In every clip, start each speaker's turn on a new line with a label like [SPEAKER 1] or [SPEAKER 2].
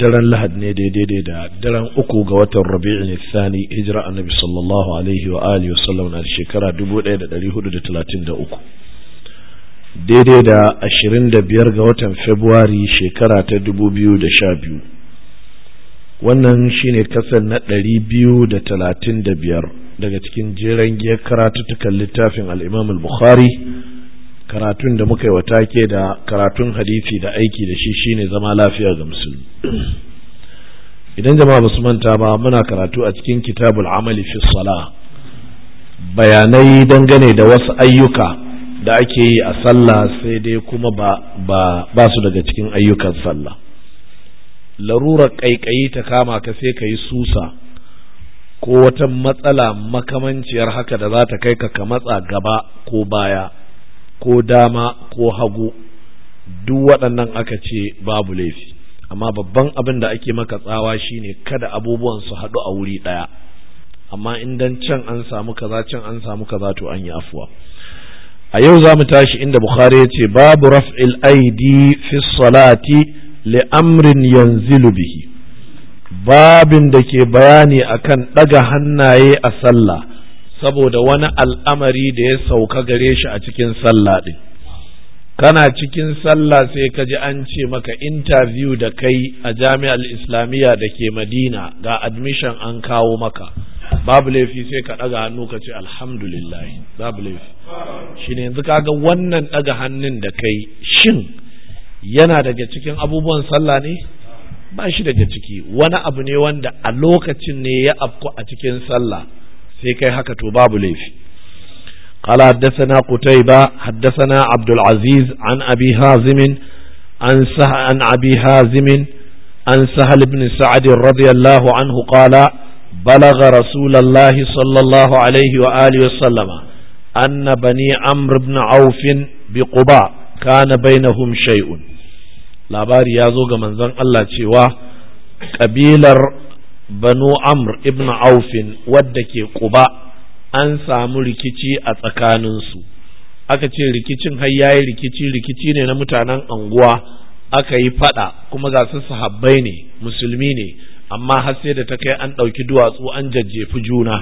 [SPEAKER 1] daren lahad ne daidai da daren uku ga watan rabi'in thani hijira annabi sallallahu alaihi wa alihi wasallam na shekara 1433 daidai da 25 ga watan february shekara ta 2012 wannan shine kasan na 235 daga cikin jeren giyar karatuttukan littafin al-imam al-bukhari karatun da muka yi wa take da karatun hadisi da aiki da shi shine zama lafiya ga musulmi idan jama'a basu manta ba muna karatu a cikin kitabul amali fi sala bayanai dangane da wasu ayyuka da ake yi a sallah sai dai kuma ba ba ba su daga cikin ayyukan sallah larura kaikayi ta kama ka sai ka yi susa ko wata matsala makamanciyar haka da za ta kai ka ka matsa gaba ko baya ko dama ko hagu duk waɗannan aka ce babu laifi amma babban abin da ake maka tsawa shine kada abubuwan su haɗu a wuri ɗaya amma in dan can an samu kaza can an samu kaza to an yi afuwa a yau za mu tashi inda bukhari ya ce babu raf'il aidi fi salati li amrin yanzilu bihi babin da ke bayani akan ɗaga hannaye a sallah saboda wani al'amari da ya sauka gare shi a cikin sallah ɗin kana cikin sallah sai ka ji an ce maka interview da kai a jami'ar islamiyya da ke madina ga admission an kawo maka babu laifi sai ka ɗaga hannu ka ce alhamdulillah babu laifi shi ne yanzu kaga wannan ɗaga hannun da kai shin yana daga cikin abubuwan sallah ne ba shi daga ciki wani abu ne wanda a lokacin ne ya afku a cikin sallah sai kai haka to babu laifi قال حدثنا قتيبة حدثنا عبد العزيز عن أبي هازم عن سه... عن أبي هازم عن سهل بن سعد رضي الله عنه قال بلغ رسول الله صلى الله عليه وآله وسلم أن بني عمرو بن عوف بقباء كان بينهم شيء labari ya zo ga manzon Allah cewa ƙabilar banu amr ibn aufin wadda ke ƙuba an samu rikici a tsakaninsu aka ce rikicin har yayi rikici rikici ne na mutanen anguwa aka yi fada kuma ga su sahabbai ne musulmi ne amma har sai da ta kai an ɗauki duwatsu an jajjefi juna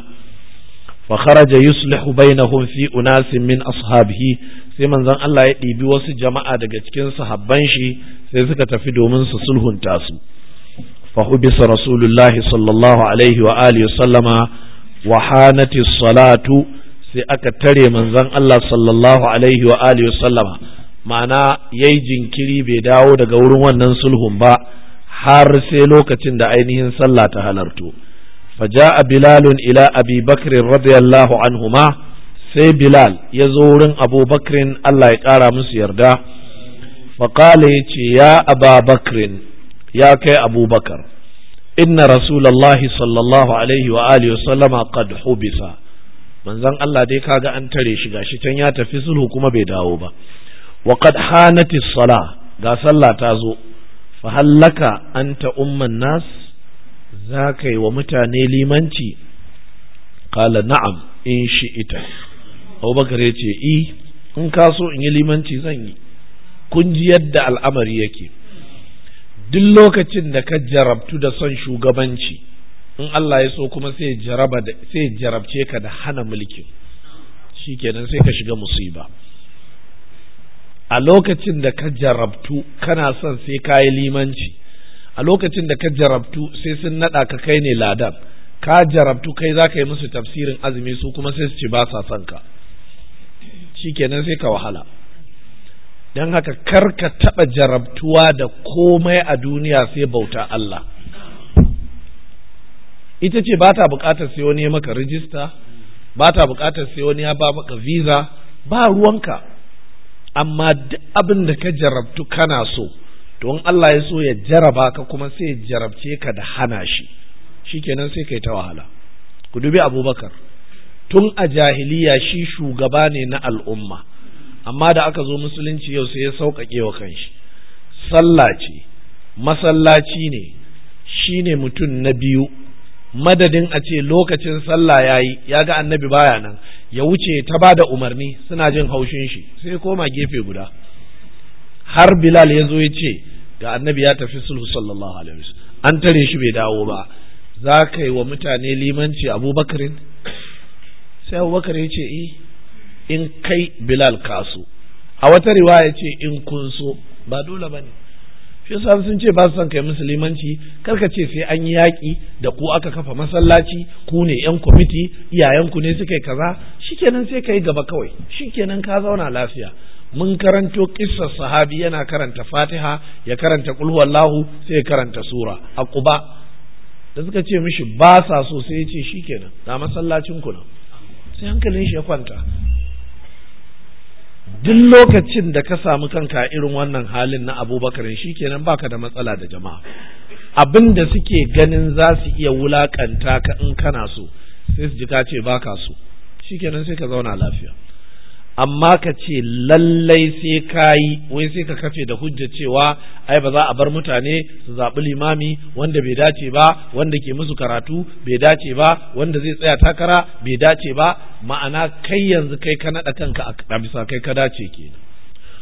[SPEAKER 1] fa kharaja yuslihu bainahum fi unasin min ashabihi sai manzon Allah ya ɗibi wasu jama'a daga cikin sahabban shi sai suka tafi domin su sulhunta su فحبس رسول الله صلى الله عليه وآله وسلم وحانت الصلاة sai aka tare manzon Allah sallallahu alaihi wa alihi sallama ma'ana yayi jinkiri bai dawo daga wurin wannan sulhun ba har sai lokacin da ainihin sallah ta halarto faja'a bilalun ila abi bakr radiyallahu anhuma sai bilal ya zo wurin abu bakrin Allah ya kara musu yarda faqala ce ya aba bakrin ya kai abubakar inna rasulallahi sallallahu alaihi wa alihi sallama qad hubisa manzon Allah dai kaga an tare shi gashi can ya tafi sulhu kuma bai dawo ba wa qad hanati sala ga sallah ta zo fa hallaka anta umman nas zakai wa mutane limanci qala na'am in shi'ita abubakar ya ce i eh, in ka so in yi limanci zan yi kun ji yadda al'amari yake duk lokacin da ka jarabtu da son shugabanci in Allah ya so kuma sai jaraba sai jarabce ka da hana mulkin shikenan sai ka shiga musiba a lokacin da ka jarabtu kana son sai ka limanci a lokacin da ka jarabtu sai sun nada ka kai ne ladan ka jarabtu kai za ka yi musu tafsirin azumi su kuma sai su ci ba sa son ka shikenan sai ka wahala don haka karka taɓa jarabtuwa da komai a duniya sai bauta Allah ita ce ba ta buƙatar sai wani ya maka rijista ba ta buƙatar sai wani ya ba maka visa ba ruwanka amma duk abin da ka jarabtu kana so to Allah ya so ya jaraba ka kuma sai ya jarabce ka da hana shi Shi kenan sai kai ta wahala ku dubi abubakar tun a jahiliya shi shugaba ne na al'umma amma da aka zo musulunci yau sai ya sauƙaƙe wa kanshi sallah ce masallaci ne shi ne mutum na biyu madadin a ce lokacin sallah ya yi ya ga annabi baya nan ya wuce ta ba da umarni suna jin haushin shi sai koma gefe guda har bilal ya zo ya ce ga annabi ya tafi sulhu sallallahu alaihi wasallam an tare shi bai dawo ba za ka yi wa mutane limanci abubakarin sai abubakar ya ce eh in kai bilal kaso a wata riwaya ce in kun so ba dole ba ne shi yasa sun ce ba su son kai musulmanci ka ce sai an yi yaƙi da ku aka kafa masallaci ku ne yan kwamiti iyayenku ne suka yi kaza shikenan sai ka gaba kawai shikenan ka zauna lafiya mun karanto kissar sahabi yana karanta fatiha ya karanta kulhuwallahu sai ya karanta sura a kuba da suka ce mishi ba sa so sai ya ce shikenan da masallacin ku nan sai hankalin shi ya kwanta duk lokacin da ka samu kanka irin wannan halin na abubakarin kenan baka da matsala da jama'a abin da suke ganin za su iya wulakanta ka in kana so sai su ji ka ce baka so shi kenan sai ka zauna lafiya amma ka ce lallai sai ka yi wai sai ka kafe da hujja cewa ai ba za a bar mutane su zaɓi limami wanda bai dace ba wanda ke musu karatu bai dace ba wanda zai tsaya takara bai dace ba ma'ana kai yanzu kai ka naɗa kanka a bisa kai ka dace kenan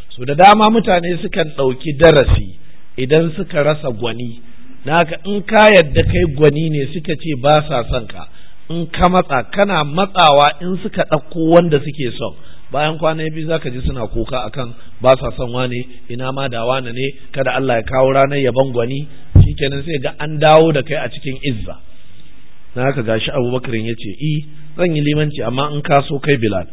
[SPEAKER 1] so da dama mutane sukan ɗauki darasi idan suka rasa gwani na in ka yadda kai gwani ne suka ce ba sa son ka in ka matsa kana matsawa in suka ɗauko wanda suke son bayan kwana biyu zaka ji suna kuka akan ba sa son wane ina ma da wane ne kada Allah ya kawo ranar yaban gwani shikenan sai ga an dawo da kai a cikin izza na haka gashi abubakarin ya ce i zan yi limanci amma in ka so kai bilal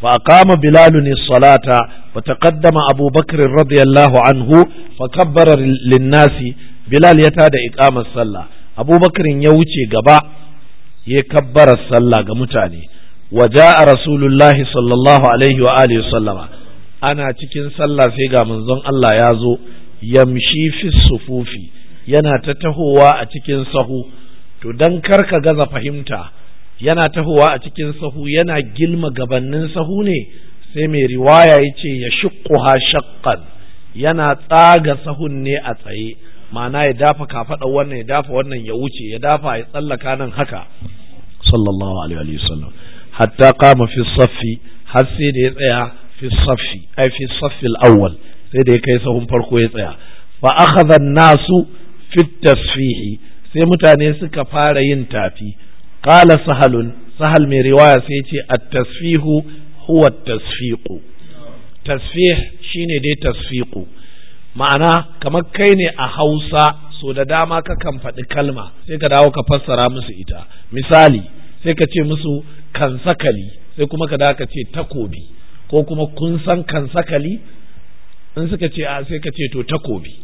[SPEAKER 1] fa qama bilal ni salata fa taqaddama abubakar radiyallahu anhu fa kabbara linnasi bilal ya tada iqamar sallah abubakarin ya wuce gaba ya kabbara sallah ga mutane wa ja'a rasulullahi sallallahu alaihi wa alihi sallama ana cikin sallah sai ga manzon Allah ya zo yamshi fi sufufi yana ta tahowa a cikin sahu to dan ka gaza fahimta yana tahowa a cikin sahu yana gilma gabannin sahu ne sai mai riwaya ya ce ya shiqquha shaqqan yana tsaga sahun ne a tsaye ma'ana ya dafa kafaɗa wannan ya dafa wannan ya wuce ya dafa ya tsallaka nan haka sallallahu alaihi wa sallam hatta kama fi saffi har sai da ya tsaya fi saffi ai fi saffi al-awwal sai da ya kai sahun farko ya tsaya fa akhadha an-nasu fi tasfihi sai mutane suka fara yin tafi qala sahalun sahal mai riwaya sai ce at-tasfihu huwa at-tasfiqu tasfih shine dai tasfiqu ma'ana kamar kai ne a Hausa so da dama ka kan faɗi kalma sai ka dawo ka fassara musu ita misali sai ka ce musu kansakali sai kuma ka da ce takobi ko kuma kun san kansakali in suka ce a sai ka ce to takobi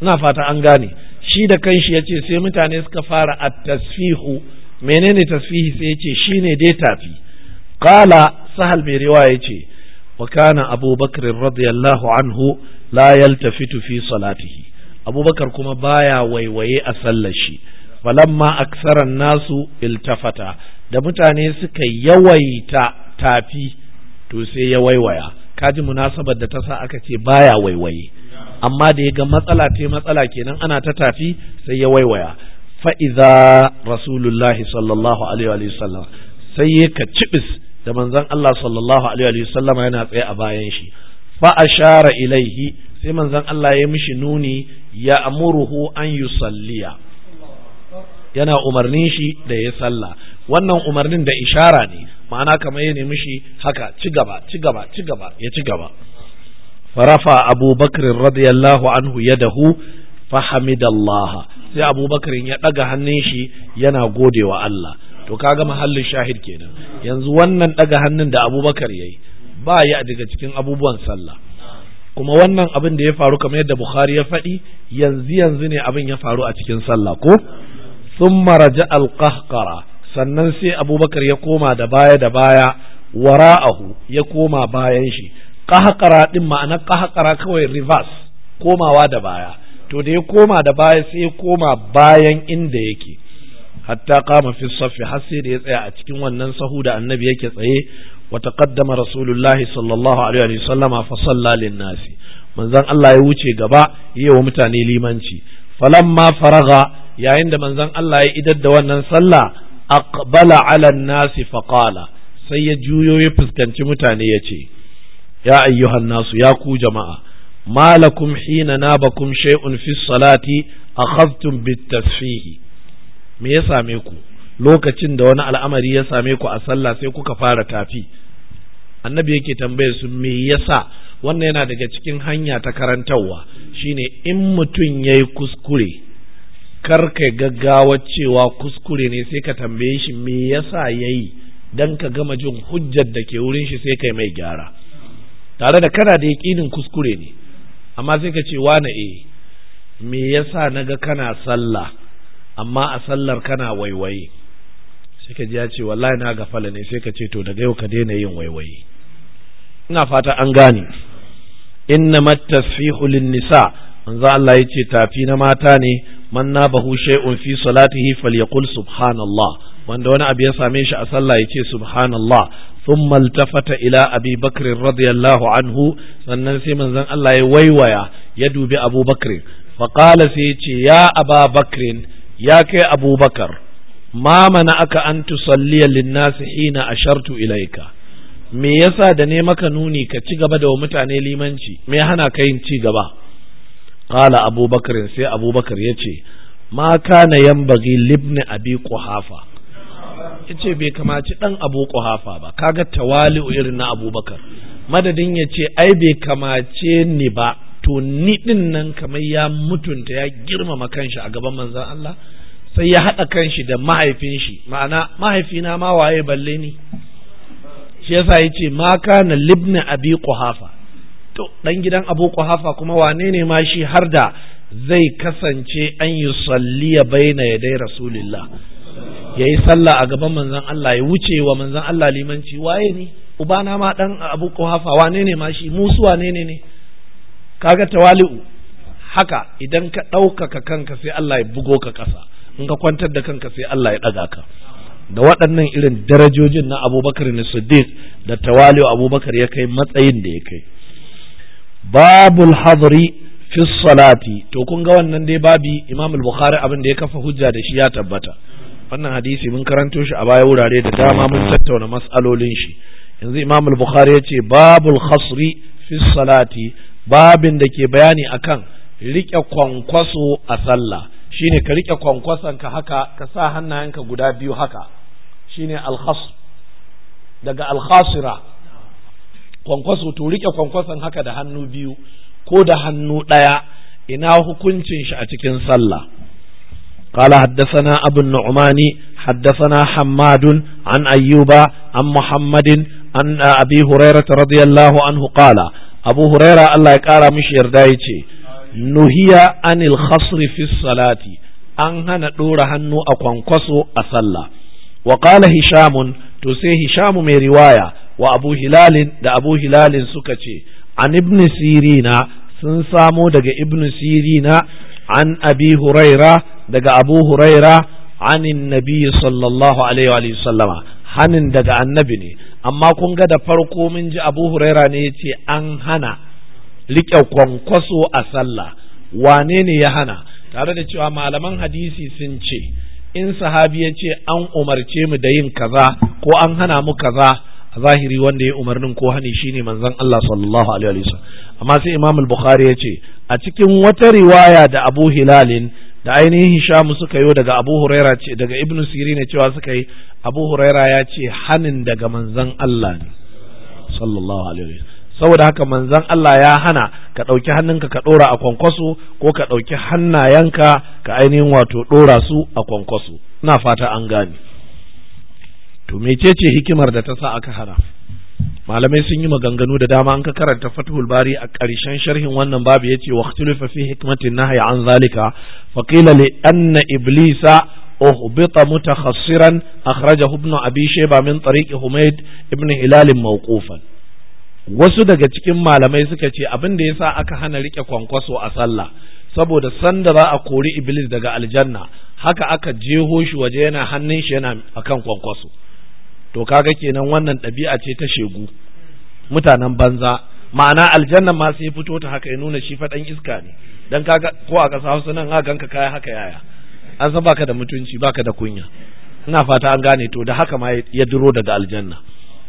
[SPEAKER 1] ina fata an gane shi da kanshi ya ce sai mutane suka fara a tasfihu menene tasfihi sai ya ce shi ne dai tafi kala sahal mai riwaya ya ce wa abubakar radiyallahu anhu la yaltafitu fi salatihi abubakar kuma baya waiwaye a sallar shi falamma aksaran nasu iltafata da mutane suka yawaita tafi to sai ya waiwaya kaji munasabar da ta sa aka ce baya waiwaye amma da ya ga matsala ce matsala kenan ana ta tafi sai ya waiwaya fa'iza rasulullahi sallallahu alaihi wasallam sai ya ka cibis da manzon Allah sallallahu alaihi wasallam yana tsaye a bayan shi fa ashara ilaihi sai manzon Allah ya mishi nuni ya amuruhu an yusalliya yana umarnin shi da ya sallah wannan umarnin da ishara ne ma'ana kamar ya nemi shi haka ci gaba ci gaba ci gaba ya ci gaba farafa abubakar radiyallahu anhu yadahu fahamidallah sai abubakar ya daga hannun shi yana godewa Allah to kaga mahallin shahid kenan yanzu wannan daga hannun da abubakar yayi ba ya daga cikin abubuwan sallah kuma wannan abin da ya faru kamar yadda Bukhari ya faɗi yanzu yanzu ne abin ya faru a cikin sallah ko ثم رجع القهقرة sannan sai abubakar ya koma da baya da baya wara'ahu ya koma bayan shi ƙahakara ɗin ma'anar ƙahakara kawai reverse komawa da baya to da ya koma da baya sai ya koma bayan inda yake hatta kama fi saffi har sai da ya tsaya a cikin wannan sahu da annabi yake tsaye wa taqaddama rasulullahi sallallahu alaihi wa sallam fa salla lin nasi manzon Allah ya wuce gaba yayi wa mutane limanci falamma faraga yayin da manzon Allah ya idar da wannan sallah aqbala ala nasi faqala sai ya juyo ya fuskanci mutane ya ce ya ayyuhan nasu ya ku jama'a malakum hina nabakum shay'un fi salati akhadhtum bit tasfihi me ya same ku lokacin da wani al'amari ya same ku a sallah sai kuka fara tafi annabi yake tambayar su me yasa wannan yana daga cikin hanya ta karantarwa shine in mutum yayi kuskure kar kai gaggawa cewa kuskure ne sai ka tambaye shi me yasa yayi dan ka gama jin hujjar da ke wurin shi sai kai mai gyara tare da kana da yaƙinin kuskure ne amma sai ka ce wane eh me yasa na naga kana sallah amma a sallar kana waiwaye sai ka ji ya ce wallahi na gafala ne sai ka ce to daga yau ka daina yin waiwaye ina fata an gane innamat tasfihu lin nisa manzo Allah yace tafi na mata ne man nabahu shay'un fi salatihi falyaqul subhanallah wanda wani abu ya same shi a sallah yace subhanallah thumma altafata ila abi bakr radiyallahu anhu sannan sai manzon Allah ya waiwaya ya dubi Abu Bakr fa qala sai yace ya Aba Bakr ya kai Abu Bakar ma mana aka an tusalliya linnasi hina ashartu ilaika me yasa da ne maka nuni ka ci gaba da wa mutane limanci me hana ka yin ci gaba qala abubakar sai abubakar ya ce ma kana yambagi libni abi quhafa yace bai kamaci dan abu kuhafa ba kaga tawali'u irin na abubakar madadin ya ce ai bai kamace ni ba to ni din nan kamar ya mutunta ya girmama kanshi a gaban manzan Allah sai ya haɗa kanshi da mahaifin shi ma'ana mahaifina ma waye balle ni shi yasa yace ma kana libni abi kuhafa. to dan gidan abu kuhafa kuma wane ne ma shi har da zai kasance an yi salliya baina ya dai rasulillah ya yi sallah a gaban manzan Allah ya wuce wa manzan Allah limanci waye ne ubana ma dan abu kuhafa wane ne ma shi musu wane ne ne kaga tawali'u haka idan ka ɗaukaka kanka sai Allah ya bugo ka ƙasa in ka kwantar da kanka sai Allah ya ɗaga ka da waɗannan irin darajojin na abubakar ne da tawali'u abubakar ya kai matsayin da ya kai babul الحضر في الصلاة to kun ga wannan dai babi imam al-bukhari abin da ya kafa hujja da shi ya tabbata wannan hadisi mun karanto shi a baya wurare da dama mun tattauna mas'alolin shi yanzu imam al-bukhari ya ce babul khasri fi salati babin da ke bayani akan rike kwankwaso a sallah shine ka rike kwankwason ka haka ka sa hannayenka guda biyu haka shine al daga al-khasira kwankwaso to rike kwankwason haka da hannu biyu ko da hannu ɗaya ina hukuncin shi a cikin sallah قال حدثنا أبو النعمان حدثنا حماد عن أيوب عن محمد عن أبي هريرة رضي الله عنه قال أبو هريرة الله يقال مش يردايتي نهي عن الخصر في الصلاة أن هنا دور هنو أقوان قصو أصلى وقال هشام تسي هشام من رواية wa abu hilalin da abu hilalin suka ce an ibn sirina sun samo daga ibn sirina an abi huraira daga abu huraira anin nabi sallallahu alaihi wa sallama hanin daga annabi ne amma kun ga da farko mun ji abu huraira ne ya ce an hana riƙe kwankwaso a sallah wane ne ya hana tare da cewa malaman hadisi sun ce in sahabi ya ce an umarce mu da yin kaza ko an hana mu kaza A zahiri wanda ya umarnin ko hani shine manzon Allah sallallahu alaihi wasallam amma sai Imam al-Bukhari ya ce a cikin wata riwaya da Abu Hilalin da ainihin Hishamu suka yi daga Abu Huraira ce daga Ibn Sirin cewa suka yi Abu Huraira ya ce hanin daga manzon Allah ne sallallahu alaihi wasallam saboda haka manzon Allah ya hana ka ɗauki hannunka ka ɗora a kwankwaso ko ka ɗauki hannayenka ka ainihin wato ɗora su a kwankwaso ina fata an gane to mecece hikimar da ta sa aka hana malamai sun yi maganganu da dama an ka karanta fathul bari a ƙarshen sharhin wannan babu yace wa ikhtilafa fi hikmatin nahyi an zalika fa qila li anna iblisa uhbita mutakhassiran Akraja, ibn abi shayba min tariq humayd ibn hilal mawqufan wasu daga cikin malamai suka ce abin da yasa aka hana rike kwankwaso a sallah saboda sanda za a kori iblis daga aljanna haka aka jeho shi waje yana hannun shi yana akan kwankwaso to kaga kenan wannan ɗabi'a ce ta shegu mutanen banza ma'ana aljanna ma sai fito ta haka ya nuna shi faɗan iska ne dan kaga ko a ƙasa Hausa nan a ganka kaya haka yaya an san baka da mutunci baka da kunya ina fata an gane to da haka ma ya duro daga aljanna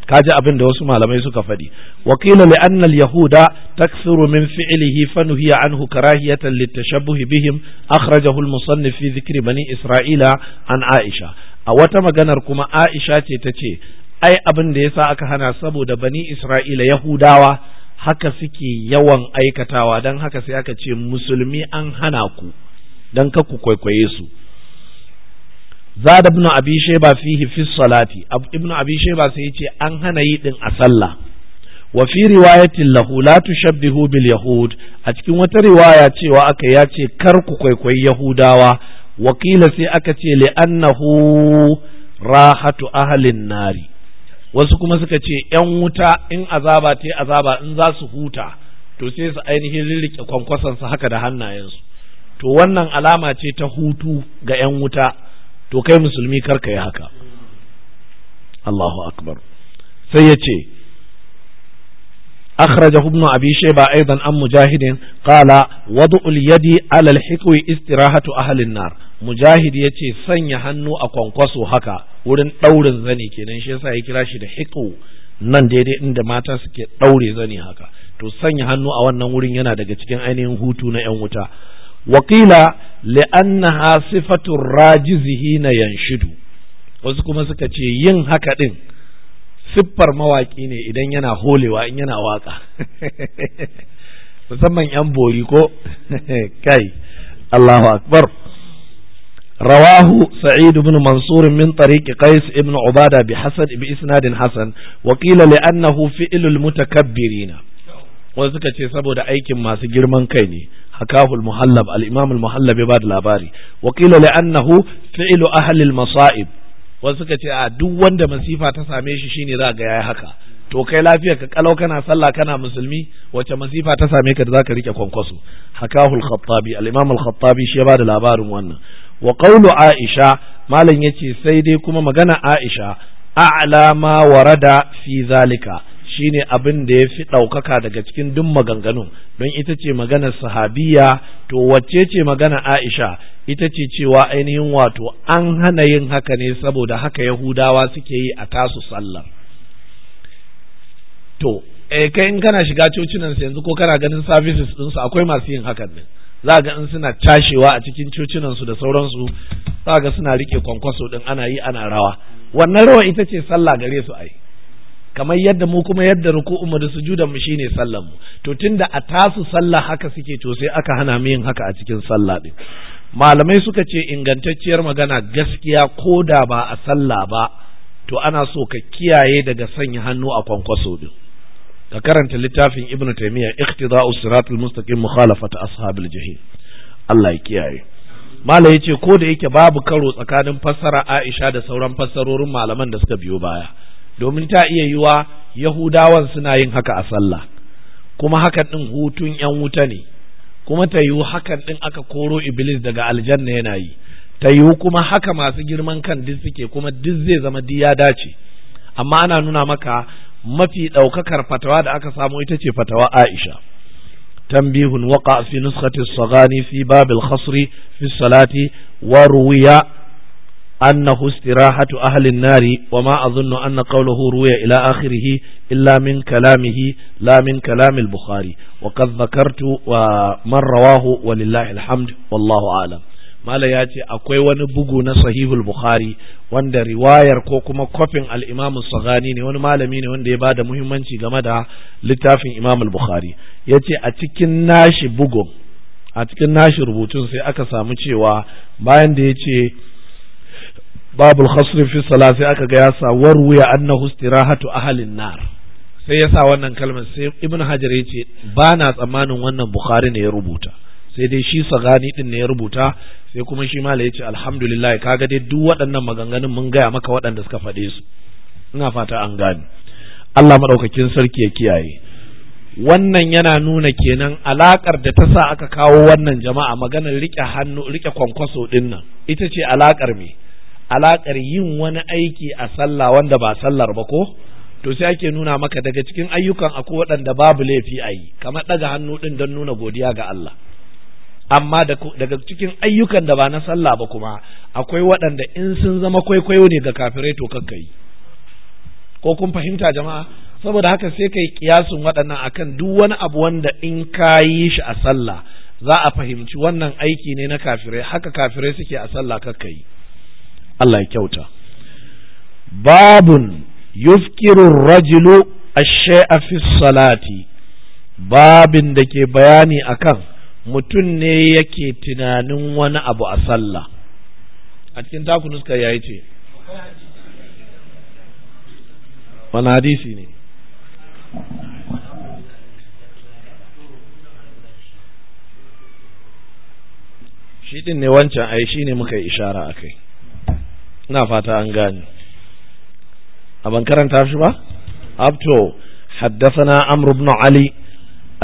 [SPEAKER 1] kaji abin da wasu malamai suka faɗi wakila li anna al yahuda taksirumin min fi'lihi fa nuhiya anhu karahiyatan litashabbuh bihim akhrajahu al musannif fi dhikri bani isra'ila an aisha a wata maganar kuma Aisha ce ta ce ai abin da yasa aka hana saboda bani Isra'ila Yahudawa haka suke yawan aikatawa don haka sai aka ce musulmi an hana ku don ka ku kwaikwaye su zada ibn abi shayba fihi fi salati ibn abi shayba sai yace an hana yi din a sallah wa fi riwayatin lahu la tushabbihu bil yahud a cikin wata riwaya cewa aka yace kar ku kwaikwayi yahudawa wakila sai aka ce li'annahu rahatu ahalin nari wasu kuma suka ce ‘yan wuta in azaba ta azaba in za su huta to sai su ainihin rirriƙe kwankwasansu haka da hannayensu to wannan alama ce ta hutu ga ‘yan wuta to kai musulmi kar ka yi haka Allahu akbar sai ya ce أخرجه ابن أبي شيبة أيضا عن مجاهد قال وضع اليد على الحكو استراحة أهل النار مجاهد يتي سنيا هنو أقنقصو هكا ورن دور ya kira shi da الحكو nan daidai inda mata suke ɗaure zani haka to sanya hannu a wannan wurin yana daga cikin ainihin hutu na 'yan wuta wakila li'annaha sifatun rajizihi na yanshidu wasu kuma suka ce yin haka ɗin siffar mawaƙi ne idan yana holewa in yana waka musamman yan bori ko Allahu akbar rawahu Sa'idu ibn mansur min tariqi qais ibn Obada bi hasad bi isnadin Hassan, wa qila li annahu fi'lul mutakabbirina wasu ce saboda aikin masu girman kai ne hakahu al-muhallab al-imam al ba da labari Wakila qila li annahu fi'lu ahli al-masa'ib wasu suka ce a duk wanda masifa ta same shi shine za ga yayi haka to kai lafiya ka kalau kana sallah kana musulmi wace masifa ta same ka da zaka rike kwankwaso hakahu al-khattabi al-imam al-khattabi shi ya da labarin wannan wa qawlu aisha malam yace sai dai kuma magana aisha a'lama warada fi zalika shine abin da ya fi ɗaukaka daga cikin duk maganganu don ita ce maganar sahabiya to wacce ce magana aisha ita ce cewa ainihin wato an hana yin haka ne saboda haka yahudawa suke yi a tasu sallar to eh kai in kana shiga cocinan yanzu ko kana ganin services ɗinsu akwai masu yin hakan ne za ga in suna tashewa a cikin cocinansu da sauransu za ga suna rike kwankwaso din ana yi ana rawa wannan rawa ita ce sallah gare su ai kamar yadda mu kuma yadda ruku'un mu da sujudan mu shine sallar mu to tunda a tasu sallah haka suke to sai aka hana mu yin haka a cikin sallah din malamai suka ce ingantacciyar magana gaskiya ko da ba a sallah ba to ana so ka kiyaye daga sanya hannu a kwankwaso din ka karanta littafin ibnu taymiya iqtida'u siratul mustaqim mukhalafatu ashabil jahim Allah ya kiyaye Malam ya ce ko da yake babu karo tsakanin fassara Aisha da sauran fassarorin malaman da suka biyo baya domin ta iya yiwa yahudawan suna yin haka a sallah kuma hakan ɗin hutun ‘yan wuta ne kuma ta yiwu hakan ɗin aka koro iblis daga aljanna yana yi ta yiwu kuma haka masu girman kan duk suke kuma duk zai zama duk ya dace amma ana nuna maka mafi ɗaukakar fatawa da aka samu ita ce fatawa aisha tambihun Waƙa fi nuskhati sagani fi babil khasri fi salati wa ruwiya أنه استراحة أهل النار وما أظن أن قوله روي إلى آخره إلا من كلامه لا من كلام البخاري وقد ذكرت ومن رواه ولله الحمد والله أعلم mala ya ce akwai wani bugu na sahihul bukhari wanda riwayar ko kuma kofin al'imamu sagani ne wani malami ne wanda ya ba da muhimmanci game da littafin imamul bukhari ya ce a cikin nashi bugun a cikin nashi rubutun sai aka samu cewa bayan da ya ce babul khasri fi sala sai aka ga ya sa warwaya annahu istirahatu ahlin nar sai ya sa wannan kalmar sai ibnu hajar ya ce ba na tsammanin wannan bukhari ne ya rubuta sai dai shi sagani din ne ya rubuta sai kuma shi mala ya ce alhamdulillah kaga dai duk waɗannan maganganun mun gaya maka waɗanda suka faɗe su ina fata an gani. Allah maɗaukakin sarki ya kiyaye wannan yana nuna kenan alakar da ta sa aka kawo wannan jama'a maganar rike hannu rike kwankwaso ɗinnan. ita ce alakar me alaƙar yin wani aiki a sallah wanda ba sallar ba ko to sai ake nuna maka daga cikin ayyukan akwai waɗanda babu laifi a yi kamar ɗaga hannu ɗin don nuna godiya ga Allah amma daga cikin ayyukan da ba na sallah ba kuma akwai waɗanda in sun zama kwaikwayo ne ga kafirai to kanka yi ko kun fahimta jama'a saboda haka sai kai kiyasin waɗannan akan duk wani abu wanda in ka yi shi a sallah za a fahimci wannan aiki ne na kafirai haka kafirai suke a sallah kakka yi Allah ya kyauta babun yufkiru rajulu ashe, shaya fi salati babin da ke bayani akan mutum ne yake tunanin wani abu a sallah a cikin taku nuska yayi ce wani hadisi ne shi din ne wancan ai shi ne muka yi ishara a kai Ina fata an gani a ban karanta shi ba abto haddasana amru ibn ali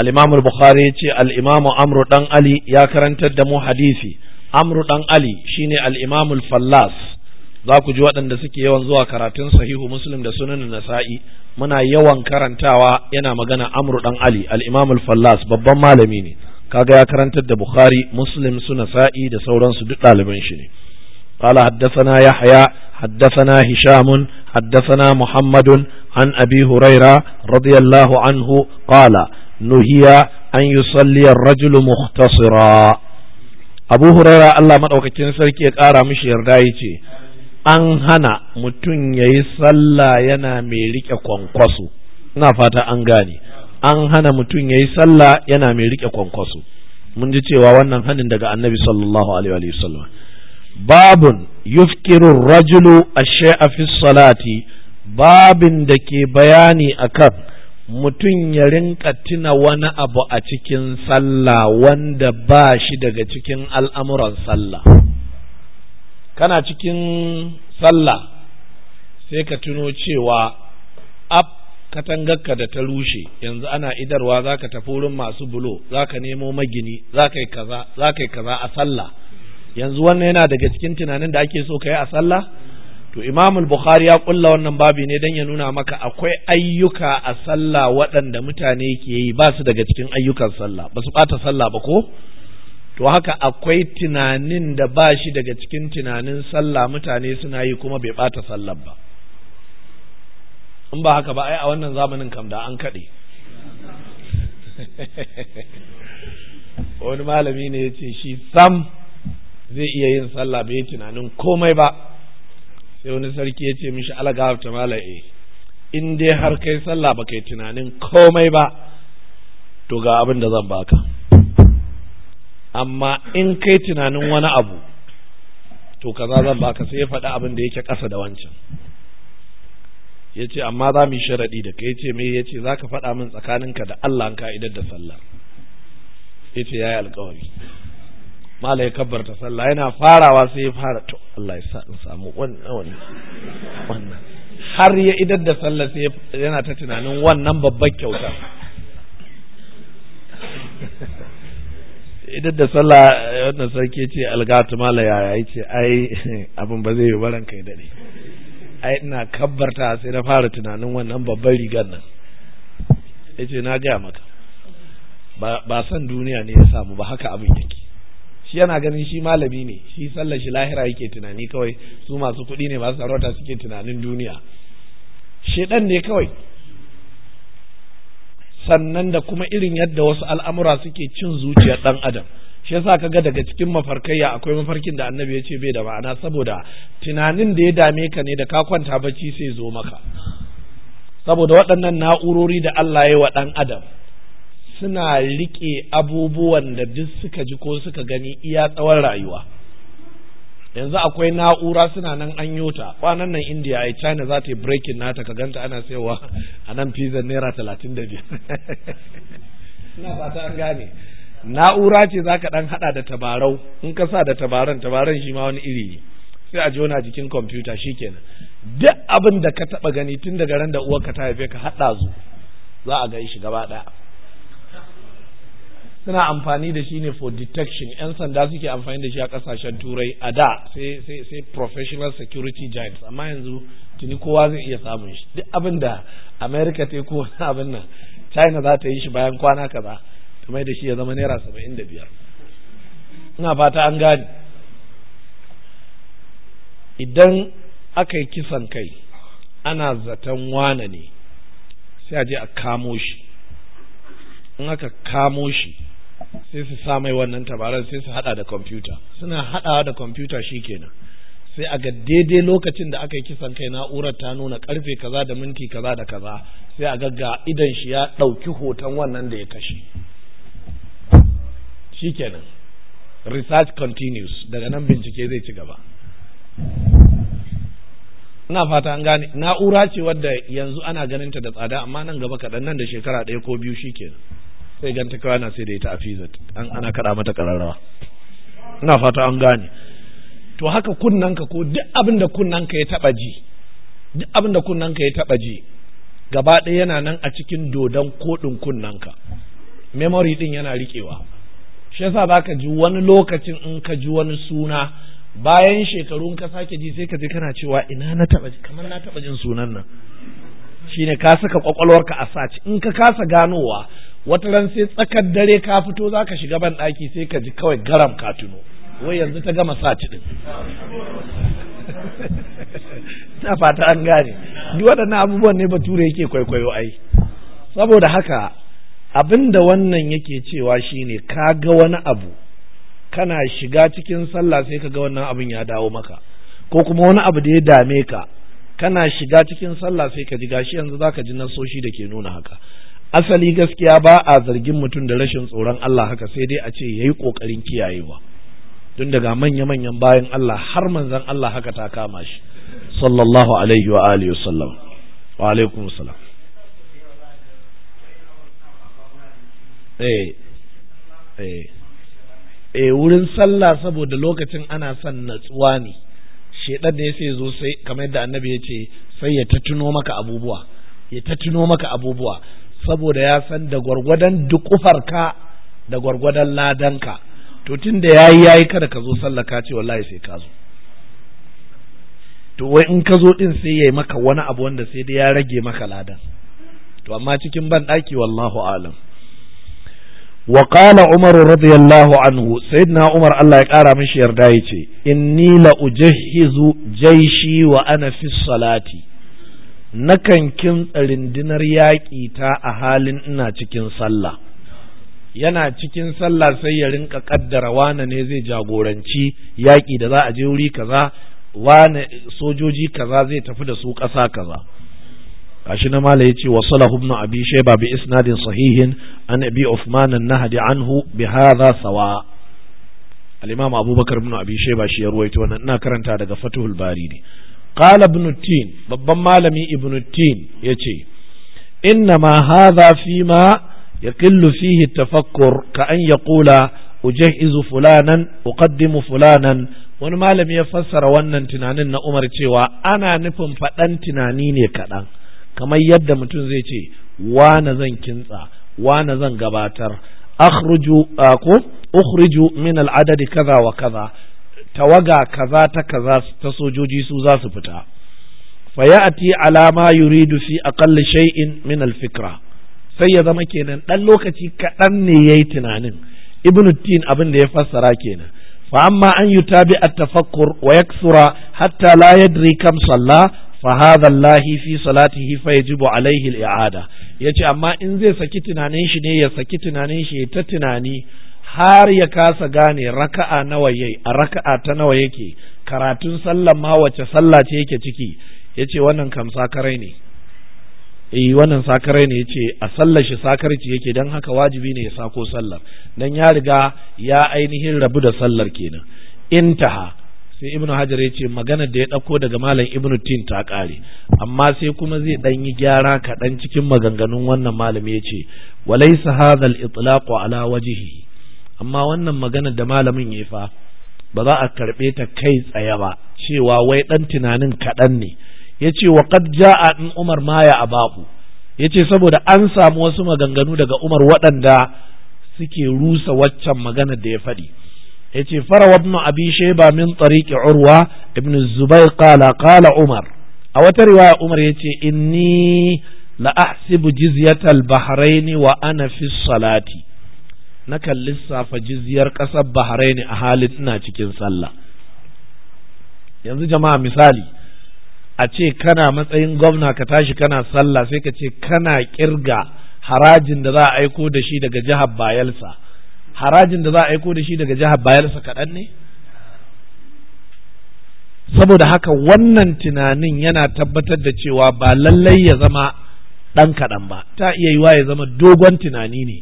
[SPEAKER 1] al-imam al-bukhari yace al-imam amru dan ali ya karantar da mu hadisi amru dan ali shine al-imam al-fallas za ku ji waɗanda suke yawan zuwa karatun sahihu muslim da sunan nasa'i muna yawan karantawa yana magana amru dan ali al fallas babban malami ne kaga ya karantar da bukhari muslim su nasa'i da sauransu duk ɗaliban shi ne قال حدثنا يحيى حدثنا هشام حدثنا محمد عن أبي هريرة رضي الله عنه قال نهي أن يصلي الرجل مختصرا أبو هريرة الله مدعوك تنسلك يقارى مش يردائي an hana mutum ya yi sallah yana mai riƙe kwankwaso fata an gane an hana mutum ya yi sallah yana mai riƙe kwankwaso mun ji cewa wannan hannun daga annabi sallallahu alaihi wasallam babun yufkiru rajulu ash-shay'a fi salati babin da ke bayani akan mutum ya rinka tuna wani abu a cikin sallah wanda ba shi daga cikin al'amuran sallah kana cikin sallah sai ka tuno cewa ab katangarka da ta rushe yanzu ana idarwa za ka tafi wurin masu bulo za ka nemo magini za ka yi kaza a sallah yanzu wannan yana daga cikin tunanin da ake so ka yi a sallah to imam bukhari ya kulla wannan babi ne dan ya nuna maka akwai ayyuka a sallah waɗanda mutane ke yi ba su daga cikin ayyukan sallah ba su ɓata sallah ba ko to haka akwai tunanin da ba shi daga cikin tunanin sallah mutane suna yi kuma bai bata sallah ba in ba haka ba ai a wannan zamanin kam da an kaɗe wani malami ne ya ce shi sam zai iya yin sallah bai tunanin komai ba sai wani sarki ya ce mishi alagawar ta eh, in dai har kai sallah ba kai tunanin komai ba to ga abin da zan baka amma in kai tunanin wani abu to kaza zan baka sai ya faɗi abin da yake ƙasa da wancan ya ce amma za mu sharaɗi da ka yace ce me ya ce za ka faɗa min tsakaninka da Allah ka idar da sallah ya ce ya yi alkawari mala ya kabbarta sallah yana farawa sai ya fara to Allah ya sa in samu wannan wannan har ya idar da sallah sai yana ta tunanin wannan babban kyauta idan da sallah wannan sarki ce algatu mala ya yi ce ai abin ba zai yi baran kai dade ai ina kabbarta sai na fara tunanin wannan babban rigan nan yace na gaya maka ba san duniya ne ya samu ba haka abin yake shi yana ganin shi malami ne shi sallar shi lahira yake tunani kawai su masu kuɗi ne masu sarauta suke tunanin duniya shedan ne kawai sannan da kuma irin yadda wasu al'amura suke cin zuciyar ɗan adam shi yasa kaga daga cikin mafarkaiya akwai mafarkin da annabi ya ce bai da ma'ana saboda tunanin da ya dame ka ne da ka kwanta bacci sai zo maka saboda waɗannan na'urori da Allah ya yi wa ɗan adam suna riƙe abubuwan da duk suka ji ko suka gani iya tsawon rayuwa yanzu akwai na'ura suna nan an yota kwanan nan indiya ai china za ta yi breaking nata ka ganta ana sayowa a nan pizza naira talatin da biyar fata an gane na'ura ce za ka ɗan haɗa da tabarau in ka sa da tabaran tabaran shi ma wani iri ne sai a jona jikin kwamfuta shi kenan duk abin da ka taɓa gani tun daga ran da uwarka ta haife ka haɗa zu za a gaishi shi gaba ɗaya suna amfani da shi ne for detection yan sanda suke amfani da shi a kasashen turai a da sai sai professional security giants amma yanzu tuni kowa zai iya samun shi duk abin da america ta yi ko abin nan china za ta yi shi bayan kwana kaza ta mai da shi ya zama naira saba'in da biyar ina fata an gane idan aka yi kisan kai ana zaton wane ne sai a je a kamo shi in aka kamo shi sai su sa mai wannan tabarar sai su hada da kwamfuta suna hadawa da kwamfuta shikenan sai a ga daidai lokacin da aka yi kisan kai na'urar ta nuna karfe kaza da minti kaza da kaza sai a ga idan shi ya ɗauki hoton wannan da ya kashe shikenan research continues daga nan bincike zai ci gaba ina fata an gane na'ura ce wadda yanzu ana ganin ta da tsada amma nan gaba kaɗan nan da shekara ɗaya ko biyu shikenan sai ganta kawai ana sai da ita a fizat an ana kaɗa mata ƙararrawa ina fata an gane to haka kunnanka ko duk abin da kunnanka ya taɓa ji duk abin da kunnanka ya taɓa ji gaba ɗaya yana nan a cikin dodon koɗin kunnanka memory din yana riƙewa shi yasa zaka ji wani lokacin in ka ji wani suna bayan shekarun ka sake ji sai ka je kana cewa ina na taɓa kamar na taɓa jin sunan nan shine ka saka kwakwalwarka a saci in ka kasa ganowa wata ran sai tsakar dare ka fito za ka shiga banɗaki sai ka ji kawai garam ka tuno wai yanzu ta gama sa ci ta fata an gane duk waɗannan abubuwan ne bature yake kwaikwayo ai saboda haka abin da wannan yake cewa shine ka ga wani abu kana shiga cikin sallah sai ka ga wannan abin ya dawo maka ko kuma wani abu da ya dame ka kana shiga cikin sallah sai ka ji gashi yanzu zaka ji nasoshi da ke nuna haka asali gaskiya ba a zargin mutum da rashin tsoron Allah haka sai dai a ce ya yi ƙoƙarin kiyayewa tun daga manya-manyan bayan Allah har manzan Allah haka ta kama shi sallallahu alaihi wa alihi wasallam wa alaikum salam eh, eh eh wurin sallah saboda lokacin ana son natsuwa ne shedar da ya sai zo sai kamar yadda annabi ya ce sai ya tattuno maka abubuwa ya tattuno maka abubuwa saboda ya san da gwargwadon dukufarka da gwargwadon ladanka to tun da ya yi, ya yi kada ka zo sallah ka ce wallahi sai ka zo to wai in ka zo din sai ya yi maka wani abu wanda sai dai ya rage maka ladan to amma cikin ban daki wallahu alam wa qala umar radiyallahu anhu sayyidina umar Allah ya kara mishi yarda yace inni la ujahhizu jaishi wa ana fi salati nakan kin rindinar yaƙi ta a halin ina cikin sallah yana cikin sallah sai ya rinka kaddara wane ne zai jagoranci yaƙi da za a je wuri kaza wane sojoji kaza zai tafi da su ƙasa kaza gashi na mala yace wa salahu ibn abi shayba bi isnadin sahihin an abi uthman an-nahdi anhu bi hadha sawa al-imam abubakar ibn abi shayba shi ya ruwaito wannan ina karanta daga fatuhul bari ne qala ibn babban malami ibn tin yace inna ma hadha fi ma yaqillu fihi tafakkur ka an yaqula ujahizu fulanan uqaddimu fulanan wani malami ya fassara wannan tunanin na Umar cewa ana nufin faɗan tunani ne kaɗan kamar yadda mutum zai ce wane zan kintsa wane zan gabatar akhruju ko ukhriju min al'adadi kaza wa kaza tawaga kaza ta kaza ta sojoji su za su fita fayati alama yuridu fi aqalli shay'in min al-fikra sai ya zama kenan dan lokaci kaɗan ne yayi tunanin ibnu tin abin da ya fassara kenan fa amma an yutabi at-tafakkur wa yaksura hatta la yadri kam salla fa hadha allahi fi salatihi fa yajibu alayhi al-i'ada yace amma in zai saki tunanin shi ne ya saki tunanin shi ta tunani har ya kasa gane raka'a nawa yayi a raka'a ta nawa yake karatun sallan ma wace sallah ce yake ciki yace wannan kam sakarai ne eh wannan sakarai ne yace a sallar shi sakarci yake dan haka wajibi ne ya sako sallar dan ya riga ya ainihin rabu da sallar kenan intaha sai ibnu hajar ya ce maganar da ya ɗauko daga malam ibnu tin ta ƙare amma sai kuma zai ɗan yi gyara kaɗan cikin maganganun wannan malami ya ce walaisa hadha al ala wajhihi amma wannan magana da malamin ya fa ba za a karɓe ta kai tsaye ba cewa wai ɗan tunanin kaɗan ne ya ce wa qad ja'a in umar ma ya abahu ya ce saboda an samu wasu maganganu daga umar waɗanda suke rusa waccan magana da ya faɗi ya ce farawa ibn abi shaiba min tariqi urwa ibn zubair qala qala umar a wata riwaya umar ya ce inni la ahsibu jizyatal bahraini wa ana fi salati Na kan lissafa jizyar ƙasar bahrain a halin ina cikin sallah yanzu jama'a misali a ce kana matsayin gwamna ka tashi kana sallah sai ka ce kana kirga harajin da za a aiko da shi daga jihar bayelsa harajin da za a aiko da shi daga jihar bayelsa kaɗan ne saboda haka wannan tunanin yana tabbatar da cewa ba lallai ya zama ɗan kaɗan ba ta iya yiwa ya zama dogon tunani ne